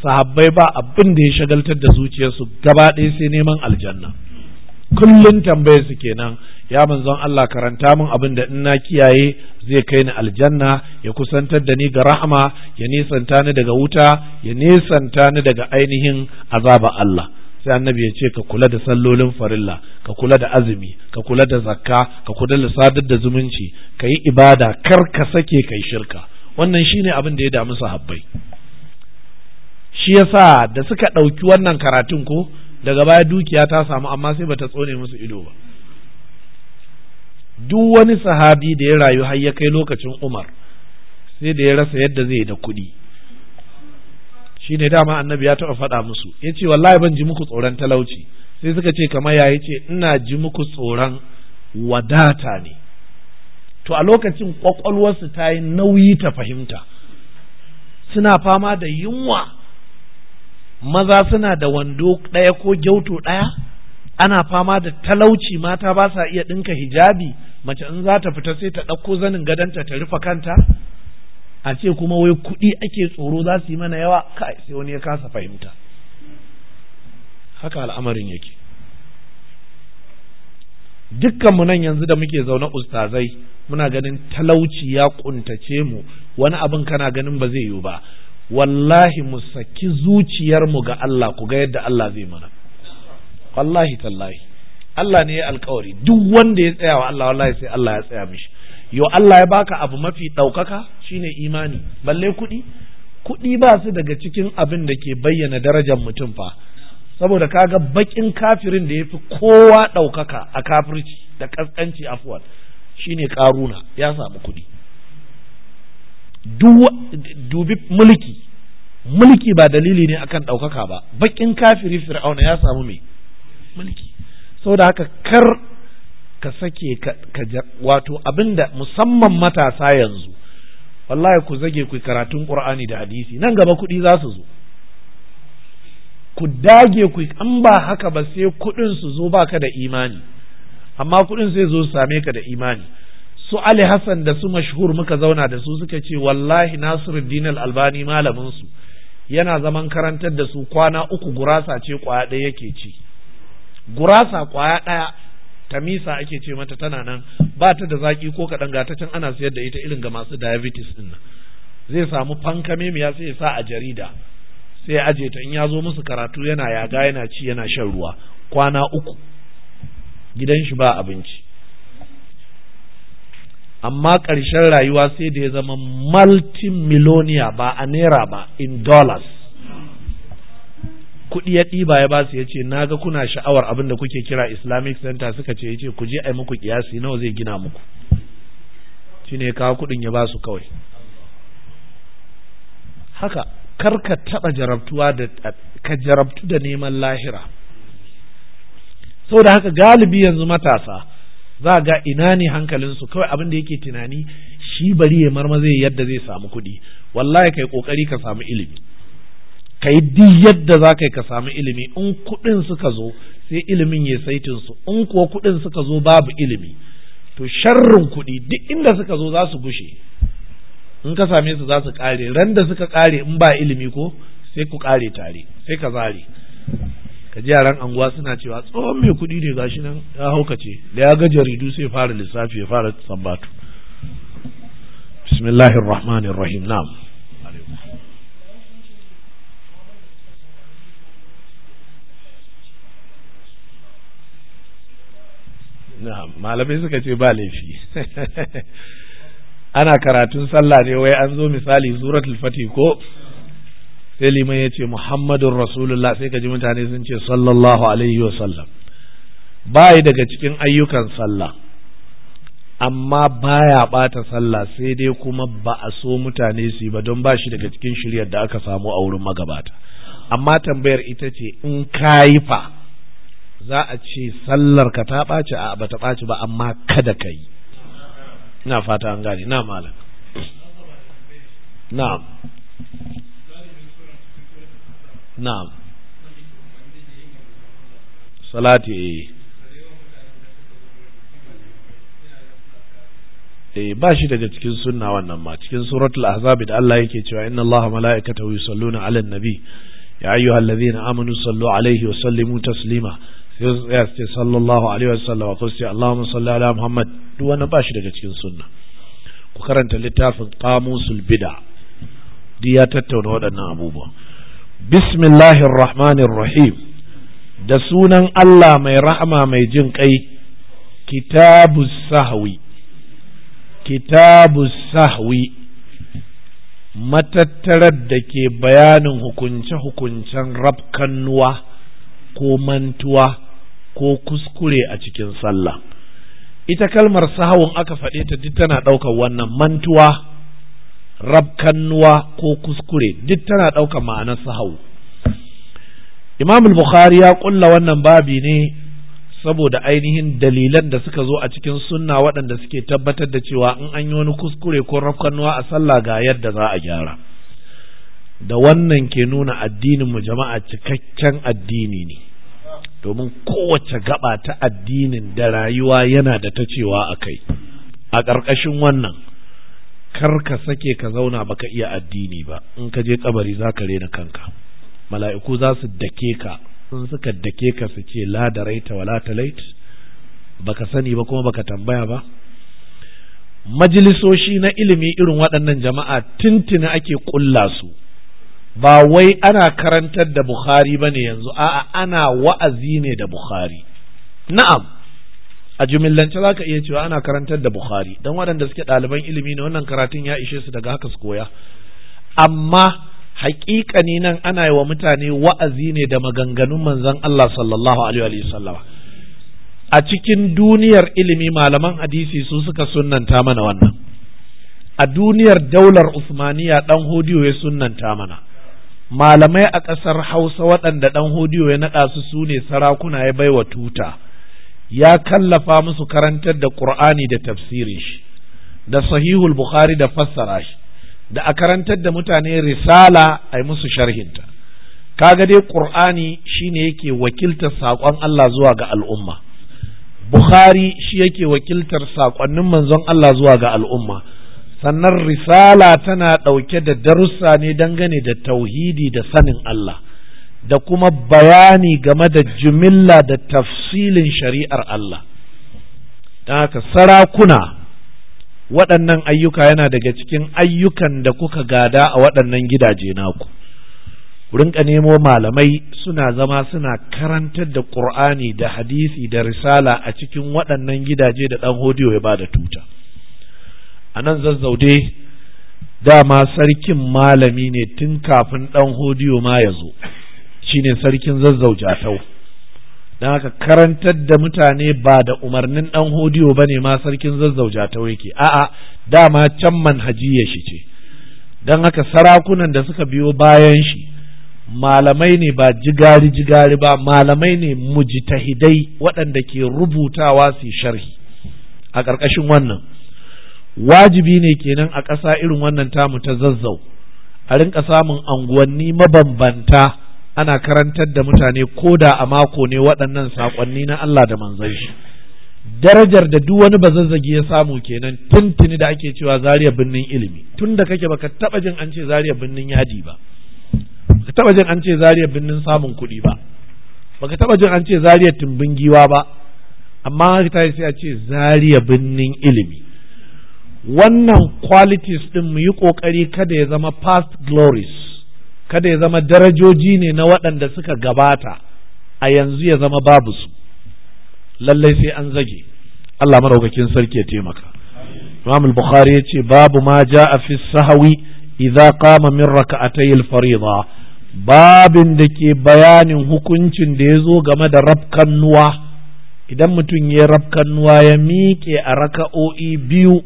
[SPEAKER 1] sahabbai ba abin da ya shagaltar da zuciyarsu gaba ɗaya sai neman aljanna kullum tambayar su kenan ya manzon Allah karanta min abin da ina kiyaye zai kai ni aljanna ya kusantar da ni ga rahama ya nisanta ni daga wuta ya nisanta ni daga ainihin azaba Allah sai annabi ya ce ka kula da sallolin farilla ka kula da azumi ka kula da zakka ka kula da sadar da zumunci ka yi ibada kar ka sake kai shirka wannan shine abin da ya damu sahabbai shi yasa da suka ɗauki wannan karatun ko daga baya dukiya ta samu amma sai bata tsone musu ido ba duk wani sahabi da ya rayu har ya kai lokacin Umar sai da ya rasa yadda zai da kuɗi Shi shine dama annabi ya taɓa faɗa musu ya ce wallahi ban ji muku tsoron talauci sai suka ce kamar ya ce ina ji muku tsoron wadata ne to a lokacin kwakwalwarsu ta yi nauyi ta fahimta suna fama da yunwa maza suna da wando ɗaya ko gyauto ɗaya ana fama da talauci mata ba sa iya ɗinka hijabi mace in za ta fita sai ta ɗauko zanin gadonta ta rufe kanta a ce kuma wai kuɗi ake tsoro za su yi mana yawa kai sai wani ya kasa fahimta haka al'amarin yake dukkanmu nan yanzu da muke zaune ustazai muna ganin talauci ya ƙuntace mu wani abin kana ganin ba zai yiwu ba wallahi mu saki zuciyarmu ga Allah ku ga yadda Allah zai mana wallahi tallahi Allah ne ya alkawari duk wanda ya tsaya wa Allah wallahi sai Allah ya tsaya mishi yo Allah ya baka abu mafi ɗaukaka shine imani balle kuɗi kuɗi ba su daga cikin abin da ke bayyana darajar mutum fa saboda kaga bakin kafirin da yafi kowa ɗaukaka a kafirci da ƙasƙanci afuwan shine ƙaruna ya samu kuɗi dubi mulki mulki ba dalili ne akan ɗaukaka ba baƙin kafiri fir'auna ya samu mai mulki saboda haka kar ka sake ka wato abinda musamman matasa yanzu wallahi ku zage ku karatun qur'ani da hadisi nan gaba kuɗi za su zo ku dage ku an ba haka ba sai kuɗin su zo baka da imani amma kuɗin sai zo su same ka da imani su Ali Hassan da su mashhur muka zauna da su suka ce wallahi Nasiruddin Al-Albani malamin su yana zaman karantar da su kwana uku gurasa ce kwaya ɗaya yake ci gurasa kwaya ɗaya tamisa ake ce mata tana nan ba ta da zaki ko kaɗan ga ta can ana siyar da ita irin ga masu diabetes din nan zai samu fanka ya sai ya sa a jarida sai aje ta in ya zo musu karatu yana yaga yana ci yana shan ruwa kwana uku gidan shi ba abinci amma ƙarshen rayuwa sai da ya zama multimillionaire ba a naira ba in dollars kuɗi ya ɗiba ya basu ya ce na ga kuna sha'awar abin da kuke kira islamic center suka ce ya ce ku je a yi muku kiyasi nawa zai gina muku shi ne kawo kuɗin ya basu kawai haka kar ka taɓa jarabtuwa da ka jarabtu da neman lahira Sau da haka galibi yanzu matasa za ga ina ne hankalinsu kawai abin da yake tunani shi bari ya marmaze yadda zai samu kuɗi wallahi kai kokari ka samu ilimi ka yi duk yadda za ka ka samu ilimi in kuɗin suka zo sai ilimin ya saitin su in kuwa kuɗin suka zo babu ilimi to sharrin kuɗi duk inda suka zo za su gushe in ka same su za su ƙare ran da suka ƙare in ba ilimi ko sai ku ƙare tare sai ka zare ka ji yaran anguwa suna cewa tsohon mai kuɗi ne gashi nan ya haukace da ya ga jaridu sai fara lissafi ya fara sambatu bismillahir na'am malamai suka ce ba laifi ana karatun sallah ne wai an zo misali suratul fatih ko sai liman ya ce muhammadun rasulullah sai ka ji mutane sun ce sallallahu alaihi wa sallam yi daga cikin ayyukan sallah amma baya bata sallah sai dai kuma ba a so mutane su yi ba don ba shi daga cikin shiryar da aka samu a wurin magabata amma tambayar ita ce in ka yi fa za a ce sallar ka ta ɓaci a ba ta ɓaci ba amma kada ka yi ina fata an gane na malam Na. na'am salati eh eh ba shi daga cikin sunna wannan ma cikin suratul ahzab da Allah yake cewa inna allaha mala'ikatahu yusalluna 'alan nabi ya ayyuhallazina amanu sallu 'alaihi wa sallimu taslima sai ce sallallahu alaihi wa wasallam ko sai Allahumma salli ala Muhammad duk wannan ba shi daga cikin sunna ku karanta littafin qamusul bid'a duk ya tattauna waɗannan abubuwa bismillahir rahmanir rahim da sunan Allah mai rahama mai jin kai Kitabu sahwi kitabus sahwi matattarar da ke bayanin hukunce-hukuncen rafkannuwa ko mantuwa ko kuskure a cikin sallah ita kalmar sahawun aka faɗe ta duk tana ɗaukar wannan mantuwa rabkannuwa ko kuskure duk tana ɗaukar ma'anar sahau imam bukhari ya ƙulla wannan babi ne saboda ainihin dalilan da suka zo a cikin sunna waɗanda suke tabbatar da cewa in an yi wani kuskure ko rabkannuwa a sallah ga yadda za a gyara da wannan ke nuna addinin mu jama'a cikakken addini ne domin kowace gaba ta addinin da rayuwa yana da ta cewa a kai a ƙarƙashin wannan kar ka sake ka zauna baka iya addini ba in ka je kabari za ka rena kanka mala'iku za su dake ka in suka dake ka su ce la da raita wala lait baka sani ba kuma baka tambaya ba majalisoshi na ilimi irin waɗannan jama'a tintini ake ƙulla su ba wai ana karantar da bukhari ba ne yanzu a'a ana wa'azi ne da bukhari na'am a jumillance za ka iya cewa ana karantar da bukhari don waɗanda suke ɗaliban ilimi ne wannan karatun ya ishe su daga haka su koya amma haƙiƙani nan ana yi wa mutane wa'azi ne da maganganun manzan Allah sallallahu alaihi wasallam a cikin duniyar ilimi malaman hadisi su suka sunnanta mana wannan a duniyar daular usmaniya dan hodiyo ya sunnanta mana malamai a ƙasar hausa waɗanda ɗan hodiyo ya naɗa su su ne sarakuna ya baiwa tuta ya kallafa musu karantar da qur'ani da tafsirin shi da sahihul bukhari da fassara shi da a karantar da mutane risala ai musu sharhinta kaga dai qur'ani shine yake wakiltar saƙon Allah zuwa ga al'umma bukhari shi yake wakiltar saƙonnin manzon Allah zuwa ga al'umma sannan risala tana ɗauke da darussa ne dangane da tauhidi da sanin Allah da kuma bayani game da jimilla da tafsilin shari'ar Allah don haka sarakuna waɗannan ayyuka yana daga cikin ayyukan da kuka gada a waɗannan gidaje naku rinka nemo malamai suna zama suna karantar da ƙur'ani da hadisi da risala a cikin waɗannan gidaje da ɗan hodiyo ya ba da tuta a nan zazzaude dama sarkin malami ne tun kafin ɗan hodiyo ma ya zo shine sarkin zazzau jatau don haka karantar da mutane ba da umarnin ɗan hodiyo ba ne ma sarkin zazzau jatau yake a'a dama can ya shi ce don haka sarakunan da suka biyo bayan shi malamai ne ba jigari jigari ba malamai ne mujtahidai waɗanda ke rubutawa su sharhi a ƙarƙashin wannan wajibi ne kenan a ƙasa irin wannan tamu ta zazzau a rinka samun anguwanni mabambanta ana karantar da mutane ko da a mako ne waɗannan saƙonni na Allah da manzon shi darajar da duk wani bazazzagi ya samu kenan tuntuni da ake cewa zariya birnin ilimi tun da kake baka taba jin an ce zariya birnin yadi ba baka taba jin an ce zariya birnin samun kuɗi ba baka taba jin an ce zariya tumbin giwa ba amma haka ta sai a ce zariya birnin ilimi wannan qualities din mu yi kokari kada ya zama past glories kada ya zama darajoji ne na waɗanda suka gabata a yanzu ya zama babu su lallai sai an zage Allah maraukakin sarki ya taimaka Imam al-Bukhari ya ce babu ma ja'a fi sahawi idza qama min rak'atay al-fariḍa babin da ke bayanin hukuncin da ya zo game da rafkannuwa idan mutum ya rabkan nuwa ya miƙe a raka'o'i biyu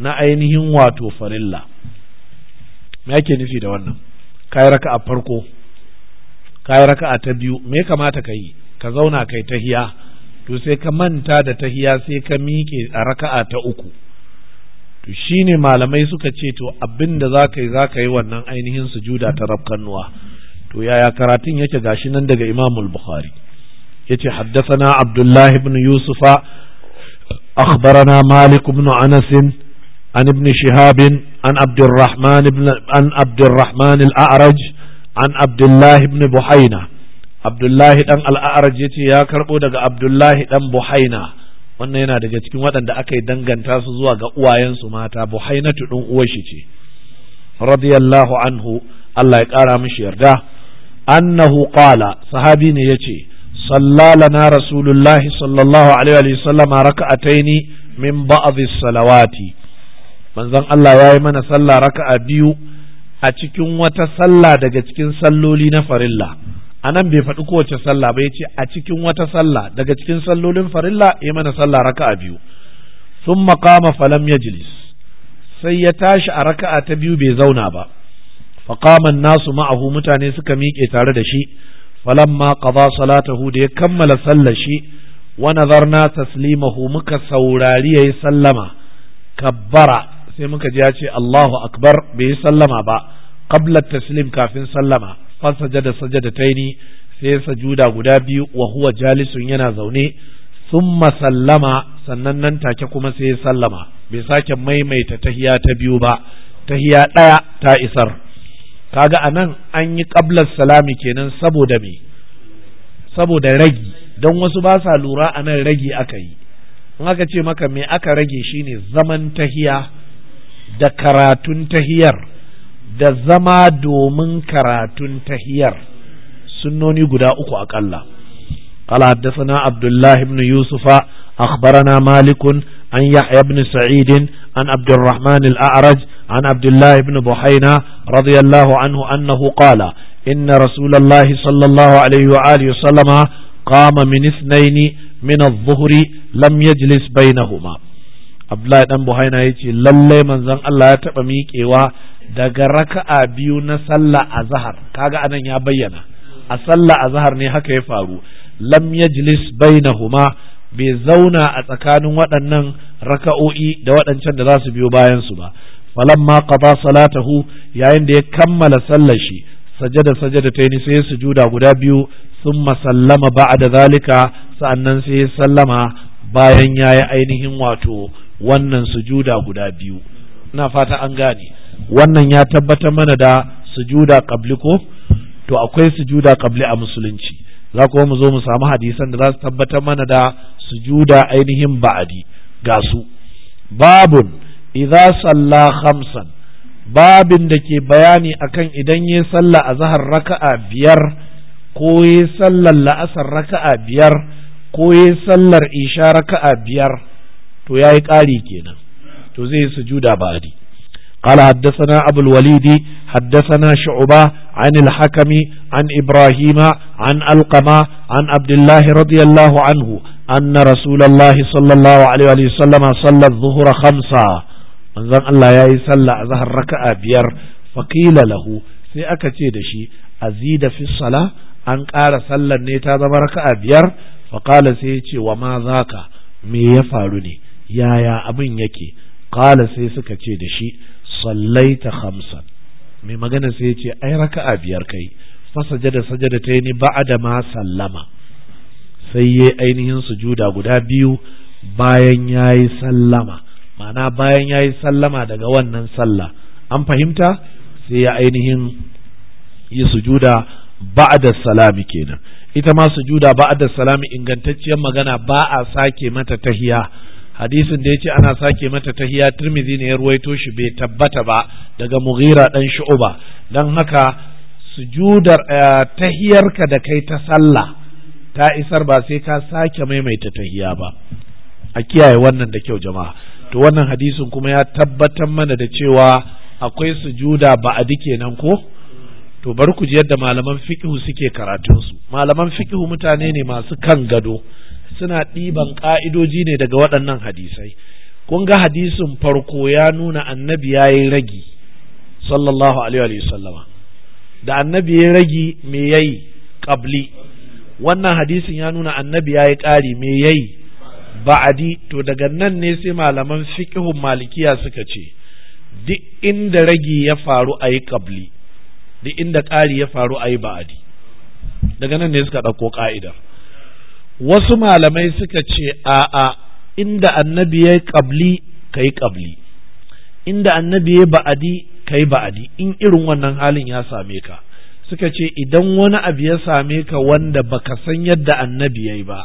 [SPEAKER 1] na ainihin wato farilla me ake nufi da wannan ka yi raka'a farko ka yi raka'a ta biyu me kamata ka yi ka zauna kai tahiya to sai ka manta da tahiya sai ka miƙe a raka'a ta uku to shine malamai suka ce to abinda da za ka yi za yi wannan ainihin sujuda ta rabkannuwa to yaya karatun yake gashi nan daga imamul bukhari yace haddathana abdullahi ibn yusufa akhbarana malik ibn anas عن ابن شهاب عن عبد الرحمن بن عن عبد الرحمن الأعرج عن عبد الله بن بحينة عبد الله بن الأعرج يتي يا كربو دغ عبد الله بن بحينة wannan yana daga cikin waɗanda aka yi danganta su zuwa ga uwayensu mata buhainatu ɗin uwashi ce radiyallahu anhu Allah ya ƙara mishi yarda annahu qala sahabi ne yace sallalana rasulullahi sallallahu alaihi wa sallama raka'ataini min ba'dhi salawati manzon Allah ya yi mana sallah raka'a biyu a cikin wata sallah daga cikin salloli na farilla a nan bai faɗi kowace sallah ba ya ce a cikin wata sallah daga cikin sallolin farilla ya mana sallah raka'a biyu sun makama falam ya jilis sai ya tashi a raka'a ta biyu bai zauna ba faƙaman nasu ma'ahu mutane suka miƙe tare da shi ma qada salatahu da ya kammala sallar shi wa nazarna taslimahu muka saurari yayi sallama kabbara sai muka ji ya ce Allahu akbar bai yi sallama ba qabla taslim kafin sallama fa sajada taini sai sajuda guda biyu wa huwa jalisun yana zaune summa sallama sannan nan take kuma sai sallama bai sake maimaita tahiya ta biyu ba tahiya ɗaya ta isar kaga anan an yi qabla salami kenan saboda me saboda ragi don wasu ba sa lura anan ragi aka yi in aka ce maka me aka rage shine zaman tahiya da karatun tahiyar da zama domin karatun tahiyar sunnoni guda uku aƙalla قال حدثنا عبد الله بن يوسف أخبرنا مالك عن يحيى بن سعيد عن عبد الرحمن الأعرج عن عبد الله بن بحينا رضي الله عنه أنه قال إن رسول الله صلى الله عليه وآله وسلم قام من اثنين من الظهر لم يجلس بينهما abdullahi dan buhaina ya ce lallai manzon Allah ya taɓa miƙewa daga raka'a biyu na sallah azhar kaga anan ya bayyana a sallah azhar ne haka ya faru lam yajlis bainahuma bai zauna a tsakanin waɗannan raka'o'i da waɗancan da za su biyo bayan su ba falamma qada salatahu yayin da ya kammala sallar shi sajada sajada ta yi sai sujuda guda biyu sun masallama ba'da zalika sa'annan sai ya sallama bayan yayi ainihin wato wannan sujuda guda biyu ina fata an gane wannan ya tabbatar mana da sujuda qabli ko to akwai sujuda qabli a musulunci za kuma mu zo mu samu hadisan da za su tabbatar mana da sujuda ainihin ba'adi ga su babun idza salla khamsan babin da ke bayani akan idan yayi sallah a raka'a biyar ko yayi sallar la'asar raka'a biyar ko yayi sallar isha raka'a biyar to ya yi ƙari kenan to zai yi sujuda ba'adi قال حدثنا أبو الوليد حدثنا شعبة عن الحكم عن إبراهيم عن القمة عن عبد الله رضي الله عنه أن رسول الله صلى الله عليه وسلم صلى الظهر خمسة manzon Allah ya yi sallah a zahar raka'a biyar faƙila lahu sai aka ce da shi azida fi sala an ƙara sallar ne ta zama raka'a biyar faƙala sai ya ce wa ma me ya faru ne yaya abin yake qala sai suka ce da shi sallaita khamsan mai magana sai ya ce ai raka'a biyar kai fa sajada sajada ta yi ba'da ma sallama sai yi ainihin sujuda guda biyu bayan yi sallama ma'ana bayan yayi sallama daga wannan sallah an fahimta sai ya ainihin yi sujuda ba'da salami kenan ita ma sujuda ba'da salami ingantacciyar magana ba a sake mata tahiya hadisin da ya ce ana sake mata tahiya turmizi ne ya ruwaito shi bai tabbata ba daga mughira dan shu'uba don haka sujudar eh, tahiyarka da kai ta sallah ta isar ba sai ka sake maimaita tahiya ba a kiyaye wannan da kyau jama'a to wannan hadisin kuma ya tabbatar mana da cewa akwai sujuda ba a dike nan ko to bari ku ji yadda malaman fiqhu suke karatunsu malaman fiqhu mutane ne masu kan gado suna ɗiban ƙa'idoji ne daga waɗannan hadisai kun ga hadisin farko ya nuna annabi ya yi ragi sallallahu alaihi wa sallama da annabi ya yi ragi me yayi qabli wannan hadisin ya nuna annabi ya yi ƙari me yayi ba'adi to daga nan ne sai malaman fiƙihun malikiya suka ce duk inda ragi ya faru a yi ƙabli, duk inda ƙari ya faru a yi ba'adi daga nan ne suka ɗauko ƙa'idar wasu malamai suka ce a'a inda annabi ya yi ƙabli ka yi ƙabli inda annabi ya ba'adi ka yi ba'adi in irin wannan halin ya same ka suka ce idan wani abu ya same ka wanda baka san yadda annabi ya yi ba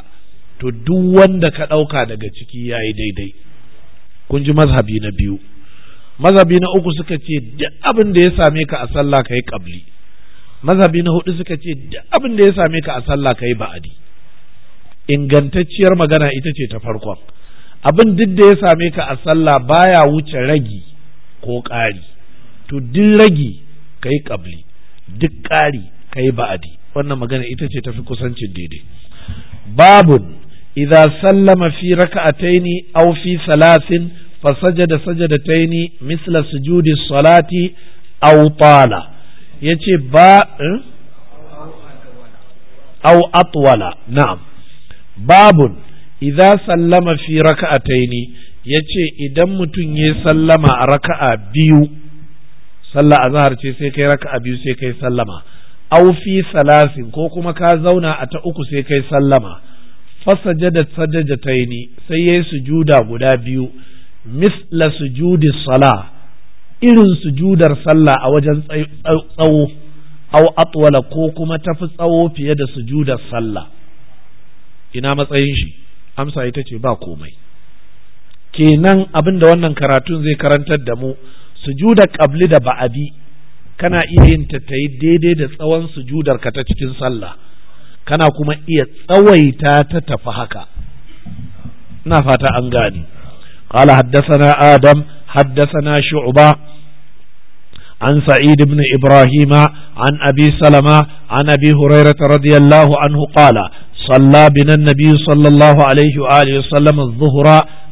[SPEAKER 1] to duk wanda ka ɗauka daga ciki ya yi daidai kun ji mazhabi na biyu mazhabi na uku suka ce duk abin da ya same ka a sallah ka yi ƙabli mazhabi na hudu suka ce duk abin da ya same ka a sallah ka yi ba'adi ingantacciyar magana ita ce ta farkon abin duk da ya same ka a sallah baya wuce ragi ko ƙari to duk ragi ka yi ƙabli duk ƙari kai ba'adi wannan magana ita ce tafi kusancin daidai babun idza sallama fi raka'ataini aw fi salasin fa sajada sajadataini misla sujudi salati aw tala yace ba eh? aw atwala na'am babun idza sallama fi ya ce idan mutum ya sallama a raka'a biyu sallah azhar ce sai kai raka'a biyu sai kai sallama aw fi salasin ko kuma ka zauna a ta uku sai kai sallama fasajada sajadataini sai yayi sujuda guda biyu misla sujudi sala irin sujudar sallah a wajen tsawo aw atwala ko kuma tafi tsawo fiye da sujudar sallah ina matsayin shi amsa ita ce ba komai kenan abin da wannan karatun zai karantar da mu sujuda qabli da ba'adi kana iya yin tattayi daidai da tsawon sujudar ka ta cikin sallah kana kuma iya tsawaita ta tafi haka ina fata an gane قال حدثنا Adam, حدثنا شعبة عن سعيد بن إبراهيم عن أبي سلمة an أبي هريرة رضي الله عنه قال صلى بنا النبي صلى الله عليه وآله وسلم الظهر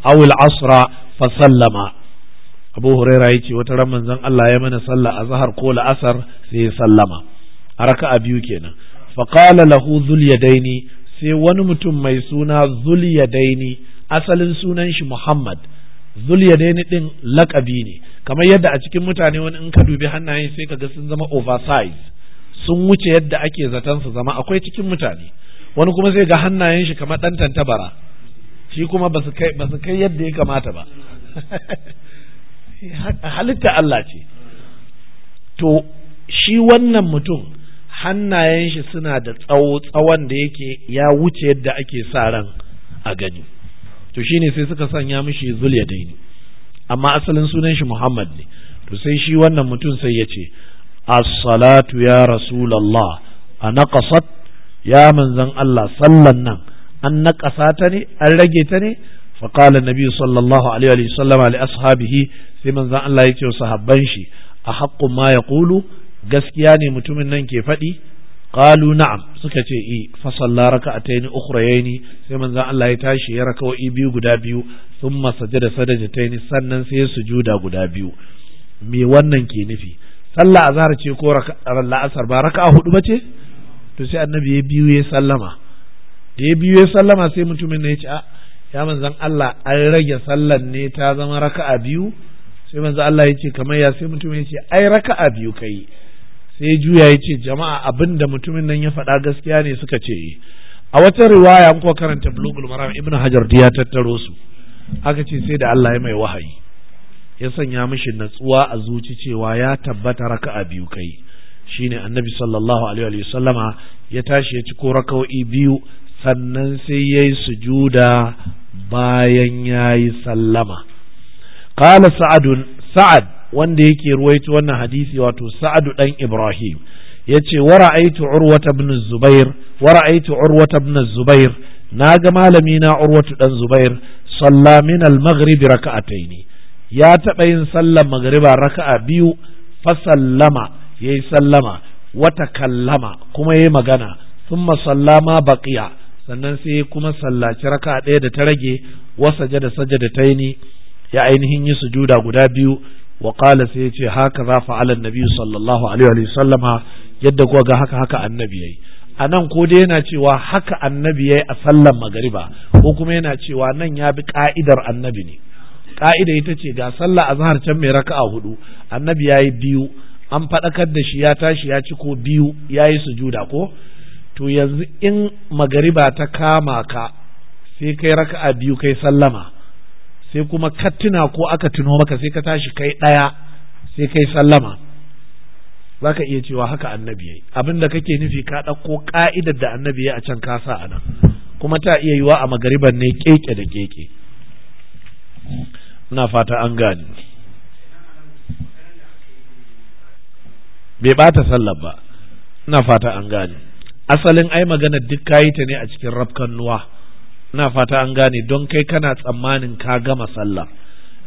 [SPEAKER 1] أو العصر فسلم أبو هريرة يتي وترى من زن الله يمن صلى الظهر قول أثر في سلم أركع بيوكينا فقال له ذو اليدين sai wani mutum mai suna Zulyadaini asalin sunan shi Muhammad Zulyadaini ɗin lakabi ne kamar yadda a cikin mutane wani in ka dubi hannayen sai ka ga sun zama oversize sun wuce yadda ake zaton su zama akwai cikin mutane wani kuma zai ga hannayen shi kamar ɗan tantabara shi kuma ba su kai yadda ya kamata ba halitta Allah ce to shi wannan mutum hannayen shi suna da tsawo tsawon da yake ya wuce yadda ake sa ran a gani to shine sai suka sanya mishi zulya daini amma asalin sunan shi Muhammad ne to sai shi wannan mutum sai ya ce as-salatu ya rasulullah anaqasat ya Manzan Allah sallan nan an naƙasa ta ne an rage ta ne فقال النبي صلى الله عليه ali لأصحابه sai manzan Allah ya ce sahabban shi a haƙƙun ma ya ƙulu gaskiya ne mutumin nan ke faɗi ƙalu na'am suka ce i e, fa salla raka'ataini ukhrayni sai manzan Allah ya tashi ya raka'o'i biyu guda biyu thumma sajada sajadataini sannan sai ya sujuda guda biyu me wannan ke nufi sallah azhar ce ko la'asar ba raka'a hudu bace to sai annabi ya biyu ya sallama da ya biyu ya sallama sai mutumin na ya ce a ah, ya manzan Allah an rage sallan ne ta zama raka'a biyu sai manzan Allah ya ce kamar ya sai mutumin ya ce ai raka'a biyu kai sai juya ya ce jama'a abin da mutumin nan ya faɗa gaskiya ne suka ce a wata riwaya an kuwa karanta bulugul maram ibnu hajar ya tattaro su aka ce sai da Allah ya mai wahayi ya sanya mishi natsuwa a zuci cewa ya tabbata raka'a biyu kai shine annabi sallallahu alaihi wa sallama ya tashi ya ci raka'o'i biyu sannan sai yayi sujuda bayan yayi sallama kala sa'adun sa'ad wanda yake ruwaito wannan hadisi wato sa'adu dan ibrahim yace wa ra'aytu urwata ibn zubair wa ra'aytu urwata ibn zubair naga malami na urwatu dan zubair salla min al-maghrib raka'ataini ya taɓa yin sallar magriba raka'a biyu fa sallama ya yi sallama wata kallama kuma ya yi magana sun masallama baƙiya sannan sai kuma sallaci raka ɗaya da ta rage wasa da saja da taini ya ainihin yi sujuda guda biyu wa sai ya ce haka za na nabi sallallahu alaihi wa sallama yadda kuwa ga haka haka annabi yayi a nan ko dai yana cewa haka annabi yi a sallan magariba ko kuma yana cewa nan ya bi ka'idar annabi ne ka'ida ita ce ga sallah azhar can mai raka'a hudu annabi yayi biyu an faɗakar da shi ya tashi ya ci ko biyu ya yi sujuda ko to yanzu in magariba ta kama ka sai kai raka'a biyu kai sallama sai kuma ka tuna ko aka tuno maka sai ka tashi kai ɗaya sai kai sallama za ka iya cewa haka annabi ya yi abin da kake nufi ka ɗauko ƙa'idar da annabi ya a can ka sa a nan kuma ta iya yiwa a magariban ne keke da keke ina fata an gani bai bata sallar ba ina fata an gane asalin ai magana duk kayi ta ne a cikin rafkan nuwa ina fata an gane don kai kana tsammanin ka gama sallah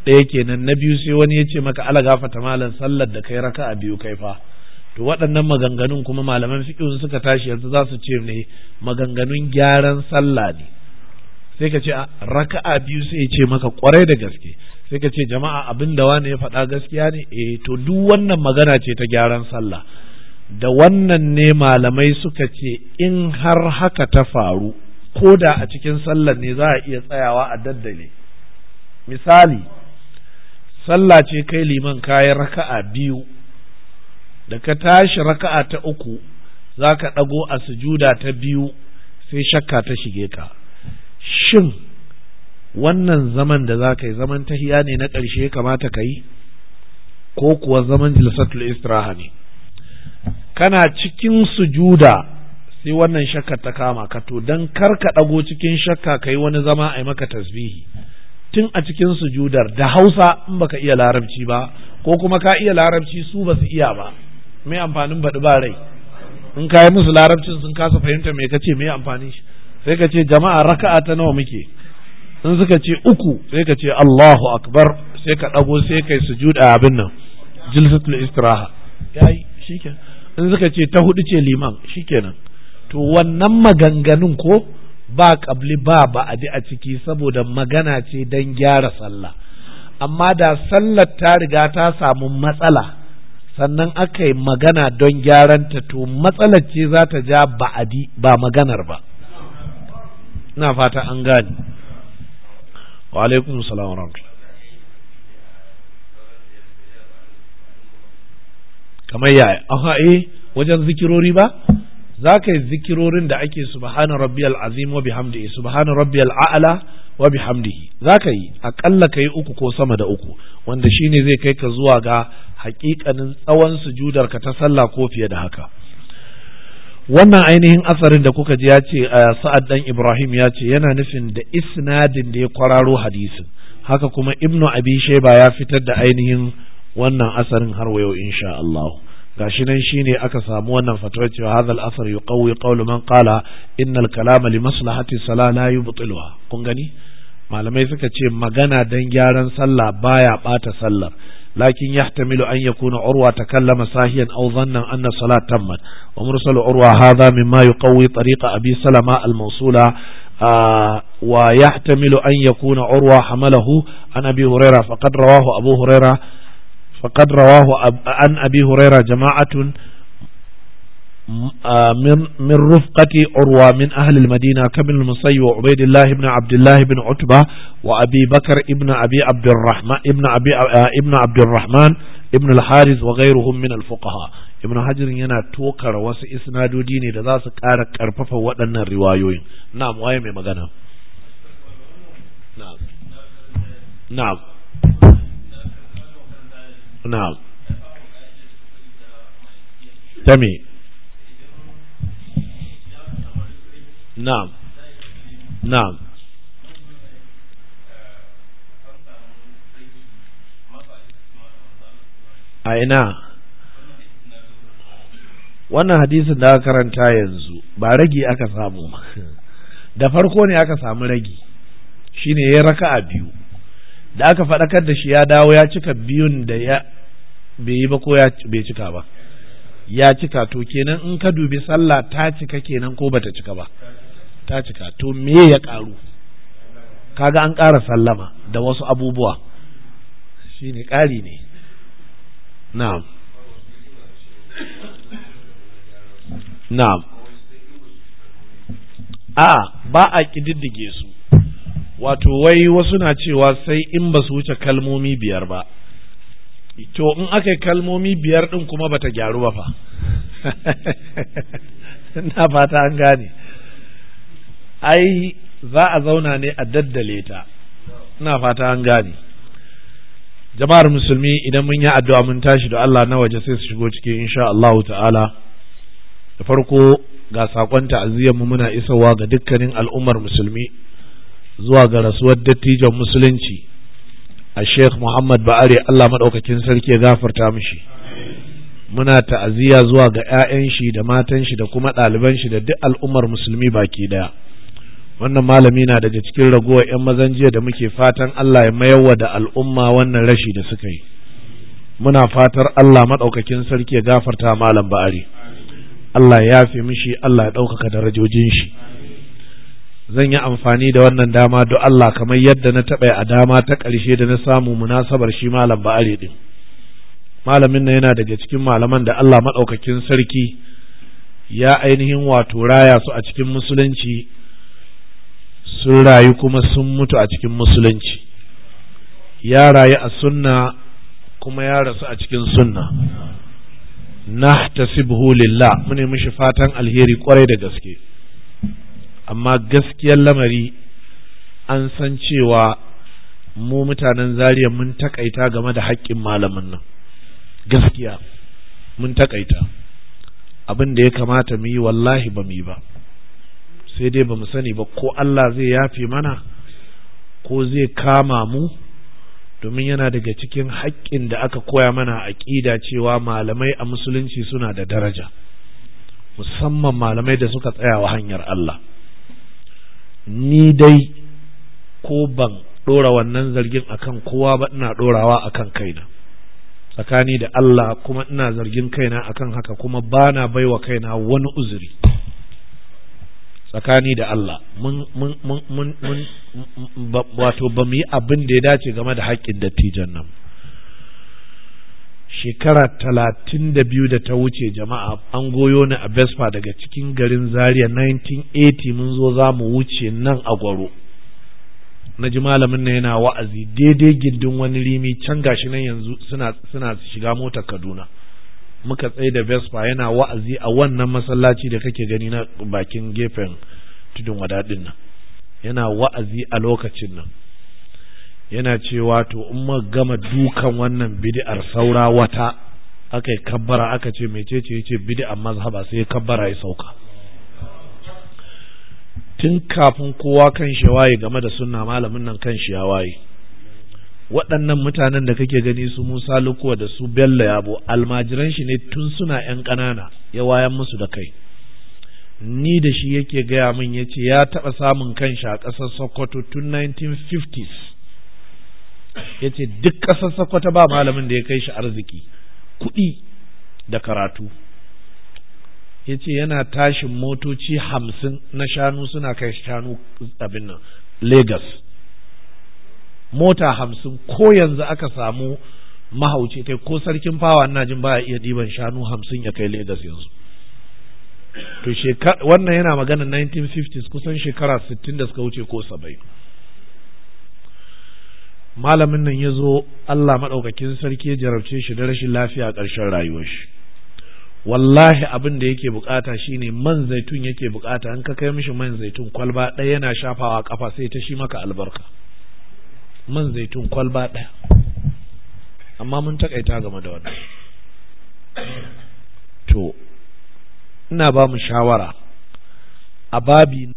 [SPEAKER 1] ɗaya kenan na biyu sai wani ya ce maka ala ta malam sallar da kai raka a biyu kai fa to waɗannan maganganun kuma malaman fiqh suka tashi yanzu za su ce ne maganganun gyaran sallah ne sai ka ce raka'a biyu sai ya ce maka kwarai da gaske sai ka ce jama'a abin da wani ya faɗa gaskiya ne eh to duk wannan magana ce ta gyaran sallah da wannan ne malamai suka ce in har haka ta faru ko da a cikin sallar ne za a iya tsayawa a daddale misali sallah ce kai liman kayan raka'a biyu da ka tashi raka'a ta uku za ka ɗago a sujuda ta biyu sai shakka ta shige ka shin wannan zaman da za ka yi zaman tahiya ne na ƙarshe kamata ka yi ko kuwa zaman jilsatul istiraha ne kana cikin sujuda sai wannan shakka ta kama ka to don kar ka ɗago cikin shakka ka yi wani zama a yi maka tasbihi tun a cikin sujudar da hausa in baka iya larabci ba ko kuma ka iya larabci su ba su iya ba mai amfanin baɗi ba rai in ka yi musu larabcin sun kasa fahimta me kace me amfani sai ka ce jama'a raka'a ta nawa muke in suka ce uku sai ka ce Allahu akbar sai ka dago sai kai sujuda abin nan jilsatul istiraha yayi shikenan in suka ce ta hudu ce liman shikenan to wannan maganganun ko ba kabli ba ba a a ciki saboda magana ce dan gyara sallah amma da sallar ta riga ta samu matsala sannan aka yi magana don gyaranta to matsalar ce za ta ja ba'adi ba maganar ba ina fata an gane. wa alaikum salam wa kamar yaya aha eh wajen zikirori ba za ka yi zikirorin da ake subhana rabbiyal azim wa bihamdihi subhana rabbiyal a'la wa bihamdihi za ka yi akalla ka yi uku ko sama da uku wanda shine zai kai ka zuwa ga hakikanin tsawon sujudar ka ta sallah ko fiye da haka wannan ainihin asarin da kuka ji ya ce sa'ad dan ibrahim ya ce yana nufin da isnadin da ya kwararo hadisin haka kuma ibnu abi sheba ya fitar da ainihin wannan asarin har wayo insha Allah gashi nan shine aka samu wannan fatawa cewa hadha al-athar yuqawwi qawl man qala inna al-kalama li maslahati salah la yubtiluha kun gani malamai suka ce magana dan gyaran sallah baya bata sallar lakin yahtamilu an yakuna urwa takallama sahiyan aw nan anna salat tammat wa mursalu urwa hadha mimma yuqawwi tariqa abi salama al-mawsula wa yahtamilu an yakuna urwa hamalahu an abi hurairah faqad rawahu abu hurairah faqad rawahu an abi hurairah jama'atun من رفقة عروة من أهل المدينة كابن المصي وعبيد الله بن عبد الله بن عتبة وأبي بكر ابن أبي عبد الرحمن ابن أبي ابن عبد الرحمن ابن الحارث وغيرهم من الفقهاء ابن حجر ينا توكر وس اسنادو ديني da zasu ƙara ƙarfafa waɗannan riwayoyin na'am waye mai magana na'am na'am na'am tami na'am na'am a wannan hadisin da aka karanta yanzu ba ragi aka samu da farko ne aka samu ragi shine ya raka a biyu da aka faɗakar da shi ya dawo ya cika biyun da ya bai yi ba ko bai cika ba ya cika to kenan in ka dubi sallah ta cika kenan ko bata cika ba ta cika to me ya karu kaga an ƙara sallama da wasu abubuwa shi ne ƙari ne na'am na'am a ba a ƙididdige su wato wai wasu na cewa sai in ba su wuce kalmomi biyar ba to in aka yi kalmomi biyar ɗin kuma bata gyaru ba fa na fata an gane ai za a zauna ne a daddale ta ina fata an gane jama'ar musulmi idan mun yi addu'a mun tashi da Allah na waje sai su shigo cikin insha Allah ta'ala da farko ga sakon ta'aziyyar mu muna isowa ga dukkanin al'ummar musulmi zuwa ga rasuwar dattijan musulunci a Sheikh Muhammad Ba'ari Allah madaukakin sarki ya gafarta mishi muna ta'aziyya zuwa ga 'ya'yan shi da matan shi da kuma ɗaliban shi da duk al'ummar musulmi baki daya wannan malami na daga cikin raguwa 'yan mazan jiya da muke fatan Allah ya mayarwa da al'umma wannan rashi da suka yi muna fatar Allah maɗaukakin sarki ya gafarta malam ba'ari Allah ya fi mishi Allah ya ɗaukaka darajojin shi zan yi amfani da wannan dama don Allah kamar yadda na taɓa a dama ta ƙarshe da na samu munasabar shi malam ba'ari ɗin malamin nan yana daga cikin malaman da Allah maɗaukakin sarki ya ainihin wato raya su a cikin musulunci sun rayu kuma sun mutu a cikin musulunci ya rayu a sunna kuma ya rasu a cikin sunna na tasibhu lillah mune mishi fatan alheri kwarai da gaske amma gaskiyar lamari an san cewa mu mutanen zariya mun takaita game da haƙƙin malamin nan gaskiya mun takaita abin da ya kamata mu yi wallahi ba mu yi ba sai dai ba mu sani ba ko Allah zai yafi mana ko zai kama mu domin yana daga cikin haƙƙin da aka koya mana a ƙida cewa malamai a musulunci suna da daraja musamman malamai da suka tsaya wa hanyar Allah ni dai ko ban ɗora wannan zargin akan kowa ba ina ɗorawa akan kaina tsakani da Allah kuma ina zargin kaina akan haka kuma bana baiwa kaina wani uzuri tsakani da Allah mun mun mun wato ba mu yi abin da ya dace game da haƙƙin dattijan nan shekara talatin da biyu da ta wuce jama'a an goyo ni a Vespa daga cikin garin Zaria 1980 mun zo za mu wuce nan a gwaro na ji malamin na yana wa'azi daidai gindin wani rimi can gashi nan yanzu suna suna shiga motar Kaduna muka tsaye da vespa yana wa'azi a wannan masallaci da kake gani na bakin gefen tudun wadadin nan yana wa'azi a lokacin nan yana cewa to in ma gama dukan wannan bid'ar saura wata aka yi kabbara aka ce mecece ya ce bid'ar mazhaba sai kabbara ya sauka tun kafin kowa kan shi waye game da sunna malamin nan kan shi ya waye. waɗannan mutanen da kake gani su Musa Lukuwa da su Bello Yabo almajiran shi ne tun suna ‘yan ƙanana ya wayan musu da kai ni da shi yake gaya min ya ce ya taɓa samun kanshi a ƙasar Sokoto tun 1950s ya ce duk ƙasar Sokoto ba malamin da ya kai shi arziki kuɗi da karatu ya ce yana tashin motoci hamsin na shanu suna kai shanu abin nan Lagos mota hamsin ko yanzu aka samu mahauci kai ko sarkin fawa na jin baya iya diban shanu hamsin ya kai Legas yanzu to wannan yana magana 1950s kusan shekara 60 da suka wuce ko 70 malamin nan ya zo Allah maɗaukakin sarki ya jarabce shi da rashin lafiya a ƙarshen rayuwar shi wallahi abin da yake bukata shine man zaitun yake bukata in ka kai mishi man zaitun kwalba ɗaya yana shafawa kafa sai ta shi maka albarka man zaitun kwalba ɗaya amma mun takaita game da wannan to ina ba mu shawara a babi